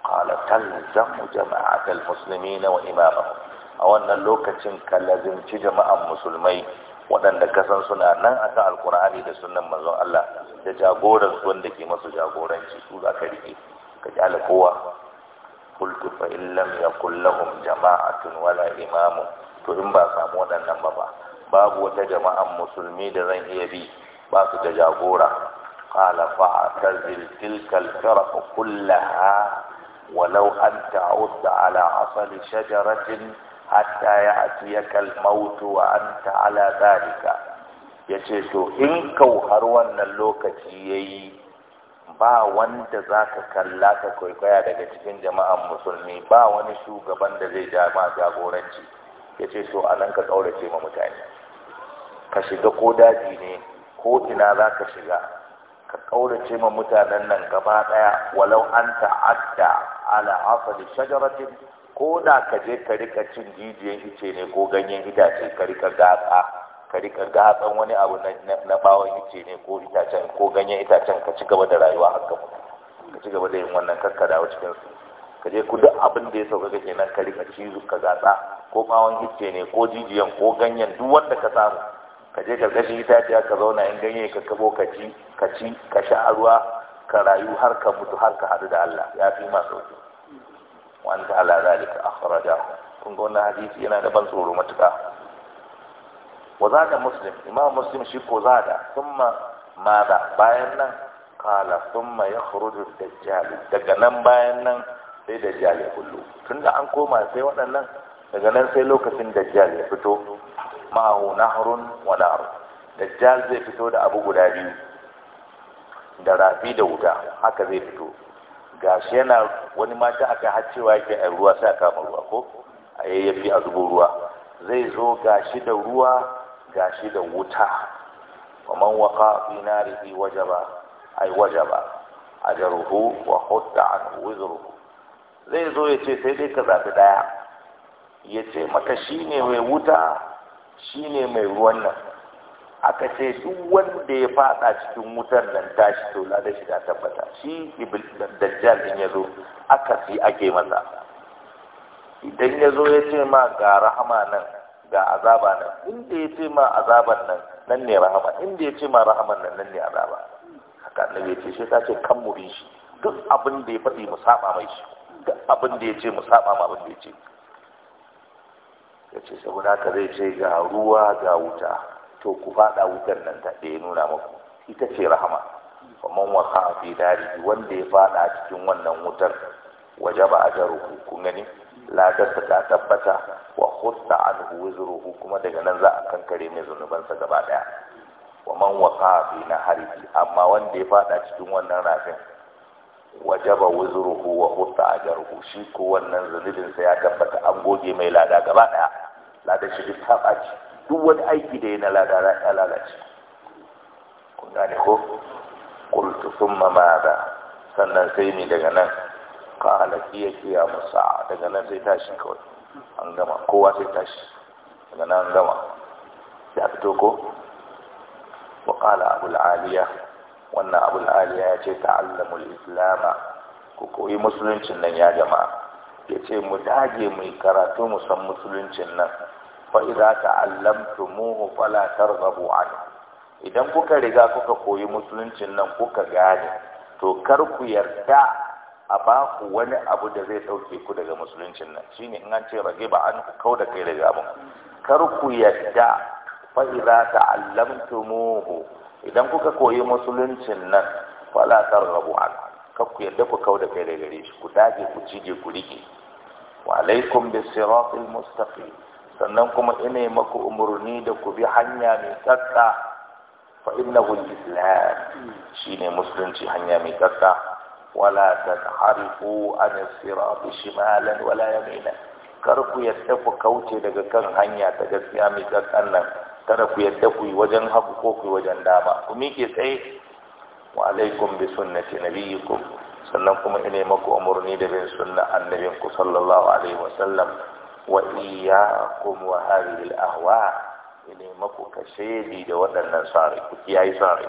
qala talzamu jama'at almuslimina wa imamahum a wannan lokacin ka lazimci jama'an musulmai waɗanda kasan suna nan akan alkur'ani da sunnan manzon Allah da jagoran wanda ke masu jagoranci su za ka rike ka kyale kowa qultu fa in lam yakul lahum jama'atun wala imamu to in ba samu waɗannan ba ba babu wata jama'an musulmi da zan iya bi ba su da jagora qala fa atazil tilka al-firaq kullaha ولو أن تعود على عصل شجرة حتى يأتيك الموت وأنت على ذلك يجيسو إن كوهر وأن اللوكة يي ba wanda za ka kalla ka kwaikwaya daga cikin jama'an musulmi ba wani shugaban da zai jama jagoranci ya ce so a nan ka ƙaurace ma mutane ka shiga ko daji ne ko ina za ka shiga ka kaurace ma mutanen nan gaba daya walau an ta'adda ala asali shajaratin ko da ka je ka rika cin jijiyan ice ne ko ganyen itace ka rika gatsa ka rika gatsa wani abu na bawon ice ne ko itacen ko ganyen itacen ka ci gaba da rayuwa haka ka ci gaba da yin wannan karka dawo cikin su ka je ku duk abin da ya sauka kake nan ka rika cizo ka gatsa ko bawon ice ne ko jijiyan ko ganyen duk wanda ka samu ka je karkashin itaciya ka zauna in ganye ka kabo ka ci ka ci ka sha ruwa ka rayu har ka mutu har ka hadu da Allah ya fi ma sauki wa anta ala zalika akhraja kun ga wannan hadisi yana da ban tsoro matuka wa zaka muslim imam muslim shi ko zada thumma maza bayan nan kala thumma yakhruju dajjal daga nan bayan nan sai dajjal ya kullu tunda an koma sai waɗannan daga nan sai lokacin dajjal ya fito ma'ahu nahrun wa nar dajjal zai fito da abu guda biyu da rafi da wuta haka zai fito gashi yana wani mata aka haccewa yake a ruwa sai kama ruwa ko a yayyafi a zubo ruwa zai zo gashi da ruwa gashi da wuta ومن وقع في ناره وجب أي وجب wa hutta an وزره zai zo ya ce sai dai ka zaɓi ɗaya ya ce maka shi ne mai wuta Shi ne mai ruwan nan aka ce duk wanda ya fada cikin wutar nan tashi to lada shi da tabbata shi dajjal din yazo aka fi ake masa idan yazo ya ce ma ga rahama nan ga azaba nan inda ya ce ma azaban nan nan ne rahama inda ya ce ma rahaman nan nan ne azaba haka annabi ya ce shi ta ce kan mu bi shi duk abin da ya faɗi mu saba mai shi duk abin da ya ce mu saba ma abin da ya ce ya ce saboda ka zai ce ga ruwa ga wuta to ku faɗa wutar nan ta ɗaya eh, nuna maku ita ce rahama faman waka fi dari wanda ya faɗa cikin wannan wutar waje ba a kun gani ladarsa ta tabbata wa hutta an wuzruhu kuma daga nan za a kankare mai zunubansa gaba ɗaya wa man waka fi na amma wanda ya faɗa cikin wannan rafin wajaba wuzuruhu wa hutta ajaruhu shi ko wannan zunubin sai ya tabbata an goge mai lada gaba daya lada shi duk ta ɓaci duk wani aiki da yana lada ya lalace kun gane ko kultu sun mamada sannan sai ni daga nan Ka ya kiya ya musa daga nan sai tashi kawai an gama kowa sai tashi daga nan an gama ya fito ko وقال أبو العالية wannan abul aliya ya ce ta'allamul islama ku koyi musuluncin nan ya jama'a ya ce mu dage mai karatu mu san musuluncin nan fa idza muhu fala targhabu an idan kuka riga kuka koyi musuluncin nan kuka gane to kar ku yarda a ba ku wani abu da zai dauke ku daga musuluncin nan shine in an ce rage ba an kau da kai daga abun kar ku yarda fa idza muhu idan kuka koyi musuluncin nan fala rabu an kar ku yadda ku kauda kai da gare shi ku dage ku cije ku rike wa alaikum siratil mustaqim sannan kuma ina maku umurni da ku bi hanya mai tsatsa fa innahu islam shine musulunci hanya mai tsatsa wala tadharifu an sirati shimalan wala yamina kar ku yadda ku kauce daga kan hanya ta gaskiya mai tsatsan nan kada ku yadda ku yi wajen hagu ko ku yi wajen dama ku miƙe tsaye wa alaikum bi sunnati nabiyikum sannan kuma ina maku umarni da bin sunna annabin ku sallallahu alaihi wa sallam wa iyyakum wa hadhihi al-ahwa ina maku kashedi da waɗannan sare ku kiyaye sare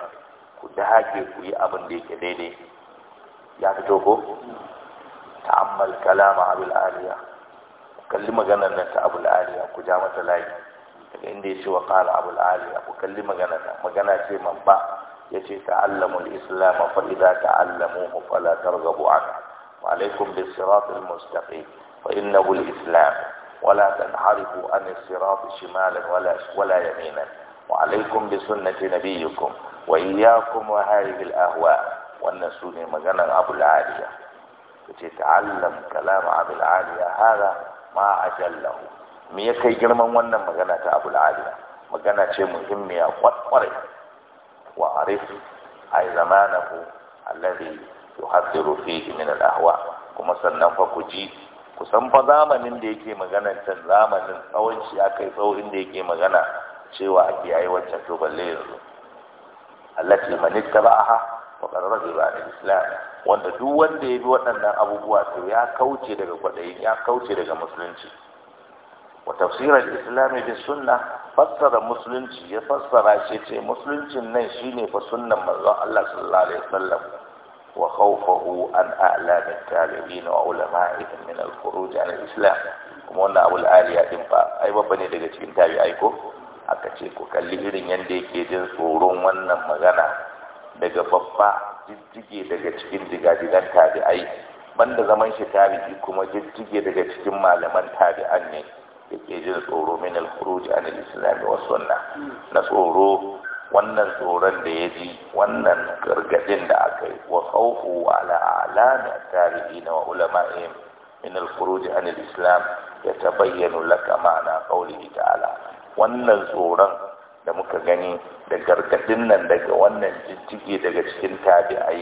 ku dage ku yi abin da yake daidai ya fito ko ta'ammal kalama abul aliya kalli maganar nan ta abul aliya ku ja mata layi عندي شو قال أبو العالي أبو كلمة جنتا ما جنتا شيء من بق يشي تعلم الإسلام فإذا تعلموه فلا ترغبوا عنه وعليكم بالصراط المستقيم فإنه الإسلام ولا تنحرفوا عن الصراط شمالا ولا ولا يمينا وعليكم بسنة نبيكم وإياكم وهذه الأهواء والنسوني ما جنتا أبو العالي يتعلم كلام أبو العالية هذا ما أجله me ya kai girman wannan magana ta abul aliya magana ce muhimmiya kwakware wa arif ay zamanahu allazi yuhaddiru fihi min al-ahwa kuma sannan fa ku ji kusan fa zamanin da yake magana can zamanin tsawon shi akai tsawon da yake magana cewa ake yayi wacce to balle yanzu allati man ittaba'aha wa qad raghiba al-islam wanda duk wanda ya bi waɗannan abubuwa to ya kauce daga kwaɗayi ya kauce daga musulunci wa tafsirar islami bi sunna fassara musulunci ya fassara shi ce musuluncin nan shine fa sunnan manzon Allah sallallahu alaihi wasallam wa khawfahu an a'lam at-talibin wa idan min al-khuruj an al-islam kuma wannan abul aliya din fa ai babba ne daga cikin ai ko aka ce ku kalli irin yanda yake jin tsoron wannan magana daga babba jijjige daga cikin jigajigan tabi'ai banda zaman shi tabi'i kuma jijjige daga cikin malaman tabi'an ne yake jin tsoro min al-khuruj an al-islam wa sunnah na tsoro wannan tsoron da ya ji wannan gargadin da aka yi wa khawfu ala a'lami at-tarihin wa ulama'ihim min al-khuruj an al-islam tabayyana laka ma'ana qawlihi ta'ala wannan tsoron da muka gani da gargadin nan daga wannan jijjige daga cikin tabi'ai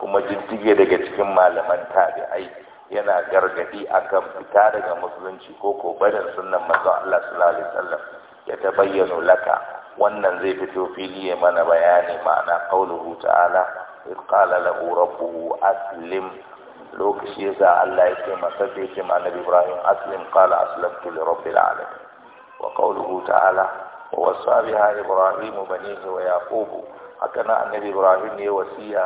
kuma jijjige daga cikin malaman tabi'ai yana gargadi akan fita daga musulunci ko ko barin sunnan manzo Allah sallallahu alaihi wasallam ya tabayyana laka wannan zai fito fili ya mana bayani ma'ana qauluhu ta'ala id qala lahu rabbuhu aslim lokaci yasa Allah ya ce masa sai ce ma Nabi Ibrahim aslim qala aslamtu li rabbil alamin wa qauluhu ta'ala wa wasa biha Ibrahim banihi wa yaqub haka na annabi Ibrahim ne wasiya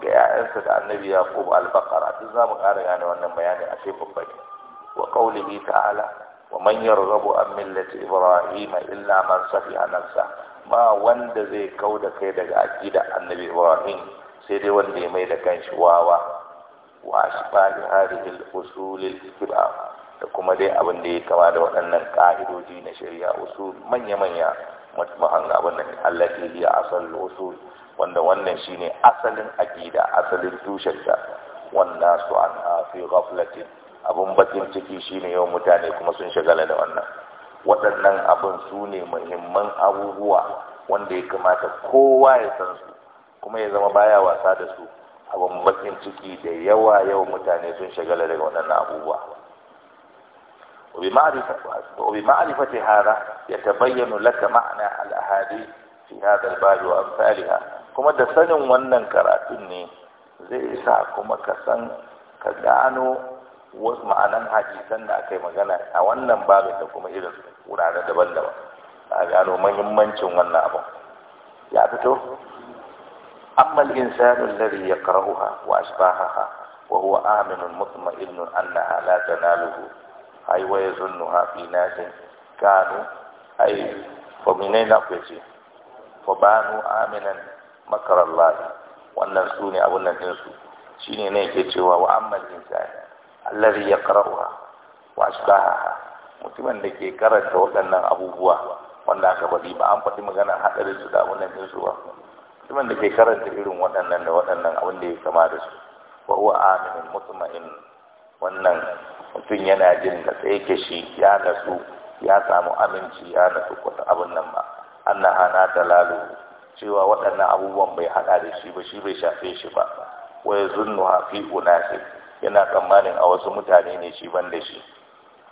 ga 'ya'yansa da annabi yaqub al-baqara duk zamu ƙara gane wannan bayanin a sai babba ne wa bi ta'ala wa man yarghabu an millati ibrahima illa man safiha nafsa ba wanda zai kauda kai daga aqida annabi ibrahim sai dai wanda ya mai da kanshi wawa wa ashbali hadhihi al-usul al-kibar da kuma dai abin da ya kama da waɗannan ka'idoji na shari'a usul manya-manya mutum hanga abin da yi a asalin usul wanda wannan shine asalin aqida asalin tushenta wannan su an fi ghaflatin abun bakin ciki shine yawan mutane kuma sun shagala da wannan waɗannan abun su ne muhimman abubuwa wanda ya kamata kowa ya san su kuma ya zama baya wasa da su abun bakin ciki da yawa yawan mutane sun shagala daga waɗannan abubuwa وبمعرفة هذا يتبين لك معنى الأحاديث في هذا الباب وأمثالها kuma da sanin wannan karatun ne zai sa kuma ka san ka gano wasu ma'anan hadisan da aka yi magana a wannan babin da kuma irin wurare daban-daban a gano mahimmancin wannan abin ya fito amma al-insanu ya yaqra'uha wa ashbahaha wa huwa aminun mutma'innun annaha la tanaluhu ay zunnu ha fi nasin kanu ai fa na kwace fa banu aminan Makarar makarallahi wannan su ne abun nan ɗinsu shi ne na yake cewa wa amman insani allazi ya karawa wa ashbahaha mutumin da ke karanta waɗannan abubuwa wanda aka faɗi ba an faɗi magana haɗarin su da abun nan ɗinsu ba mutumin da ke karanta irin waɗannan da waɗannan abin da ya kama da su wa huwa aminin mutma'in wannan mutum yana jin da tsaye ke shi ya nasu ya samu aminci ya nasu kwata abin nan ba annaha na dalalu cewa waɗannan abubuwan bai haɗa da shi ba shi bai shafe shi ba waya zunnu hafi shi yana tsammanin a wasu mutane ne shi ban da shi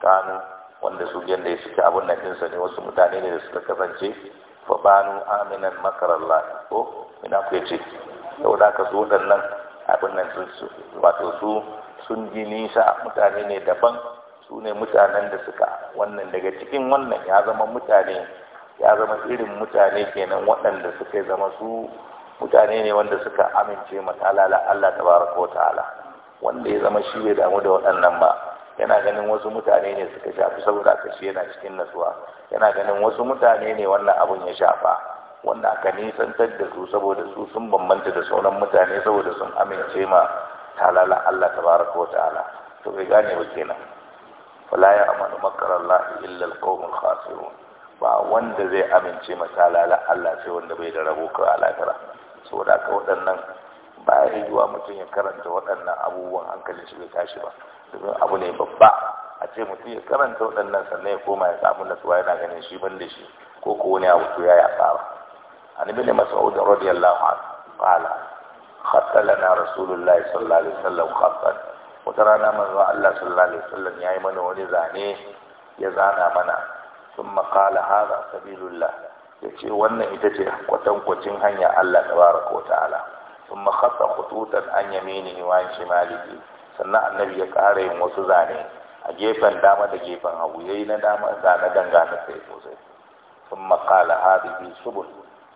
kanu wanda su yadda ya suke abin nan ɗinsa ne wasu mutane ne da suka kasance fa banu aminan makarallah ko ina ku ce yau da ka su waɗannan abin nan sun wato su sun ji nisa mutane ne daban su ne mutanen da suka wannan daga cikin wannan ya zama mutane ya zama irin mutane kenan waɗanda suka zama su mutane ne wanda suka amince matalala Allah Ta tabaraka ta'ala wanda ya zama shi bai damu da waɗannan ba yana ganin wasu mutane ne suka shafi saboda aka shi yana cikin nasuwa yana ganin wasu mutane ne wannan abun ya shafa wanda aka nisantar da su saboda su sun bambanta da sauran mutane saboda sun amince ma talala Allah Ta tabaraka ta'ala to bai gane ba kenan fala ya amanu makarallahi illa alqawmul khasirun ba wanda zai amince lalata Allah sai wanda bai da rabo ka alakara saboda ka waɗannan ba ya yiwuwa mutum ya karanta waɗannan abubuwan hankali shi bai tashi ba domin abu ne babba a ce mutum ya karanta waɗannan sannan ya koma ya samu natsuwa yana ganin shi ban da shi ko ko wani abu to ya yaɓa ba annabi ne mas'ud radiyallahu anhu qala khatta lana rasulullahi sallallahu alaihi wasallam wata rana manzo Allah sallallahu alaihi wasallam yayi mana wani zane ya zana mana sun makala hada, sabilullah ya ce wannan ita ce kwatankwacin hanya Allah tabaraka wa ta'ala sun makasa hututan an yamini wa shimalihi sannan annabi ya kara yin wasu zane a gefen dama da gefen hagu yi na dama zane dangane sai sosai sun makala hadisi subul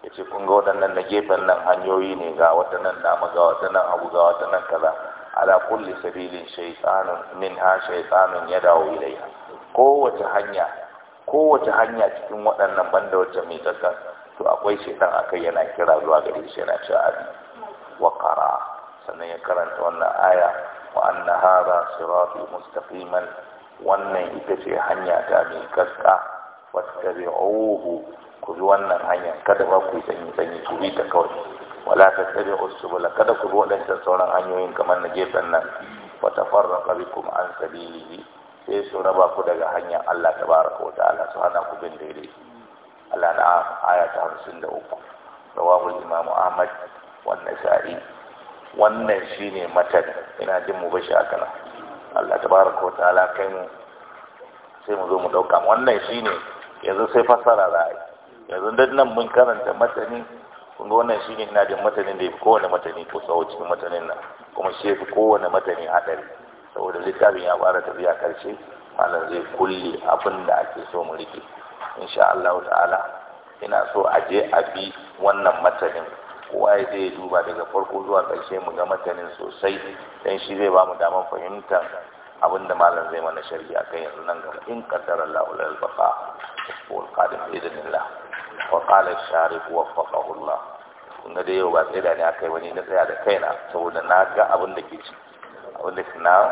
ya ce kun ga waɗannan na gefen nan hanyoyi ne ga waɗannan dama ga waɗannan abu ga waɗannan kaza ala kulli sabilin shaytanun minha ya dawo ilai, kowace hanya kowace hanya cikin waɗannan banda wacce mai tsaka to akwai shekar akai yana kira zuwa gare shi yana cewa abi wa qara sannan ya karanta wannan aya wa anna hadha sirati mustaqiman wannan ita ce hanya ta mai kaska fattabi'uhu ku bi wannan hanya, kada ba ku yi sanyi sanyi ku bi ta kawai wala ta tattabi'u bala kada ku bi waɗancan sauran hanyoyin kamar na gefen nan wa tafarraqa bikum an sabili sai su raba ku daga hanyar Allah ta Allah su hana ku bin daidai Allah na aya ta hamsin da uku rawahu imamu ahmad wannan sa'i wannan shine matan ina jin mu bashi a kana, Allah ta Allah kai mu sai mu zo mu dauka wannan shine yanzu sai fassara za a yi yanzu dan nan mun karanta matani kun ga wannan shine ina jin matanin da ya fi kowane matani ko tsawo cikin matanin nan kuma shi ya fi kowane matani hadari saboda littafin ya fara tafiya karshe malam zai kulle abin da ake so mu rike insha Allah ta'ala ina so a je a bi wannan matanin kowa ya zai duba daga farko zuwa karshe mu ga matanin sosai dan shi zai ba damar fahimtar abin da malam zai mana sharhi akan yanzu nan gaba in qaddara Allah lil baqa wal qadim bi idnillah wa qala sharif waffaqahu Allah kun da yau ba da ne akai wani na tsaya da kaina saboda na ga abin da ke ciki what is now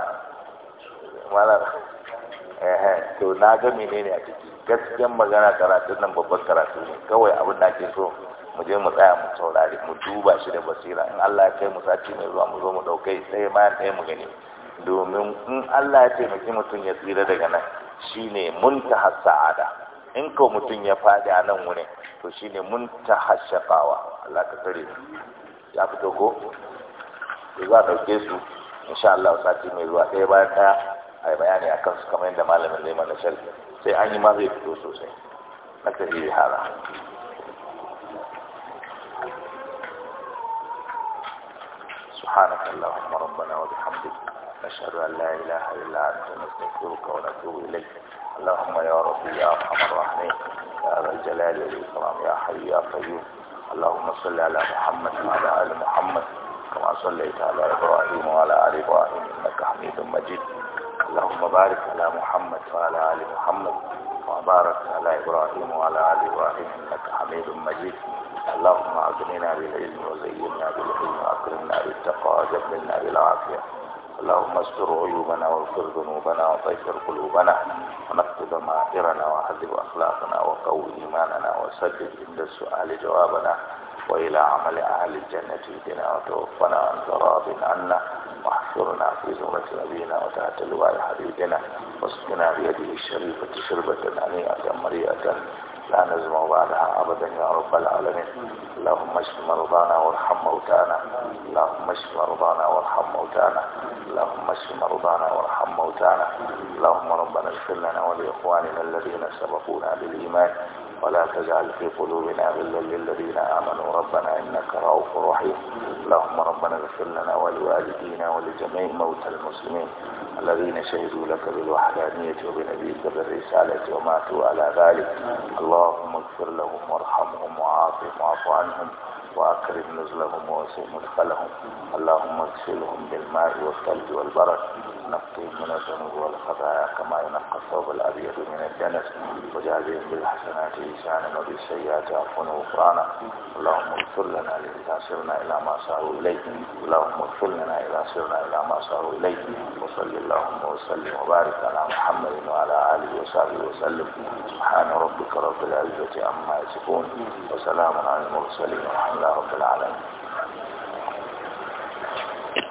to na ga ne a ciki gaskiyan magana karatun nan babban karatu ne kawai abin da ake so mu je mu tsaya mu saurari mu duba shi da basira in Allah ya kai mu sati mai zuwa mu zo mu daukai sai ma ɗaya mu gani domin in Allah ya taimaki mutum ya tsira daga nan shine muntaha sa'ada in ko mutum ya faɗi a nan wurin to shine muntaha shaqawa Allah ka tare ya fito ko za a dauke su إن Allah sati mai zuwa ɗaya bayan ɗaya a yi bayani a kansu kamar yadda malamin zai mana sharhi sai an yi ma zai fito sosai na tafi hara سبحانك اللهم ربنا وبحمدك نشهد أن لا إله إلا أنت نستغفرك ونتوب إليك اللهم يا رب يا أرحم الراحمين يا ذا الجلال والإكرام يا حي يا قيوم اللهم صل على محمد وعلى آل محمد كما صليت على إبراهيم وعلى آل إبراهيم إنك حميد مجيد اللهم بارك على محمد وعلى آل محمد وبارك على إبراهيم وعلى آل إبراهيم إنك حميد مجيد اللهم أغننا بالعلم وزينا بالعلم وأكرمنا بالتقوى وجبلنا بالعافية اللهم استر عيوبنا واغفر ذنوبنا وطيب قلوبنا zama irana wa halibu akhlaqana wa qawwi imanana wa sadid inda su'ali jawabana wa ila amali ahli jannati bina wa tawaffana an zarabin anna wa ahsurna fi zumrati nabiyina wa ta'atil ya al-habibina wa sukina bi yadihi sharifati shirbatan aniyatan mariyatan لا نزمع بعدها أبدا يا رب العالمين اللهم اشف مرضانا وارحم موتانا اللهم اشف مرضانا وارحم موتانا اللهم اشف مرضانا وارحم موتانا اللهم ربنا اغفر لنا ولإخواننا الذين سبقونا بالإيمان ولا تجعل في قلوبنا غلا للذين آمنوا ربنا إنك رؤوف رحيم اللهم ربنا اغفر لنا ولوالدينا ولجميع موتى المسلمين الذين شهدوا لك بالوحدانية وبنبيك بالرسالة وماتوا على ذلك اللهم اغفر لهم وارحمهم وعافهم واعف عنهم وأكرم نزلهم ووسع مدخلهم اللهم اغسلهم بالماء والثلج والبرد نقيهم من الذنوب والخطايا كما ينقى الثوب الأبيض من الدنس وجازهم بالحسنات لسانا وبالسيئات عفوا وغفرانا اللهم اغفر لنا إذا سرنا إلى ما ساروا إليه اللهم اغفر لنا إذا سرنا إلى ما ساروا إليه وصل اللهم وسلم وبارك على محمد وعلى آله وصحبه وسلم سبحان ربك رب العزة عما يصفون وسلام على المرسلين والحمد Alhamdulillah Rabbil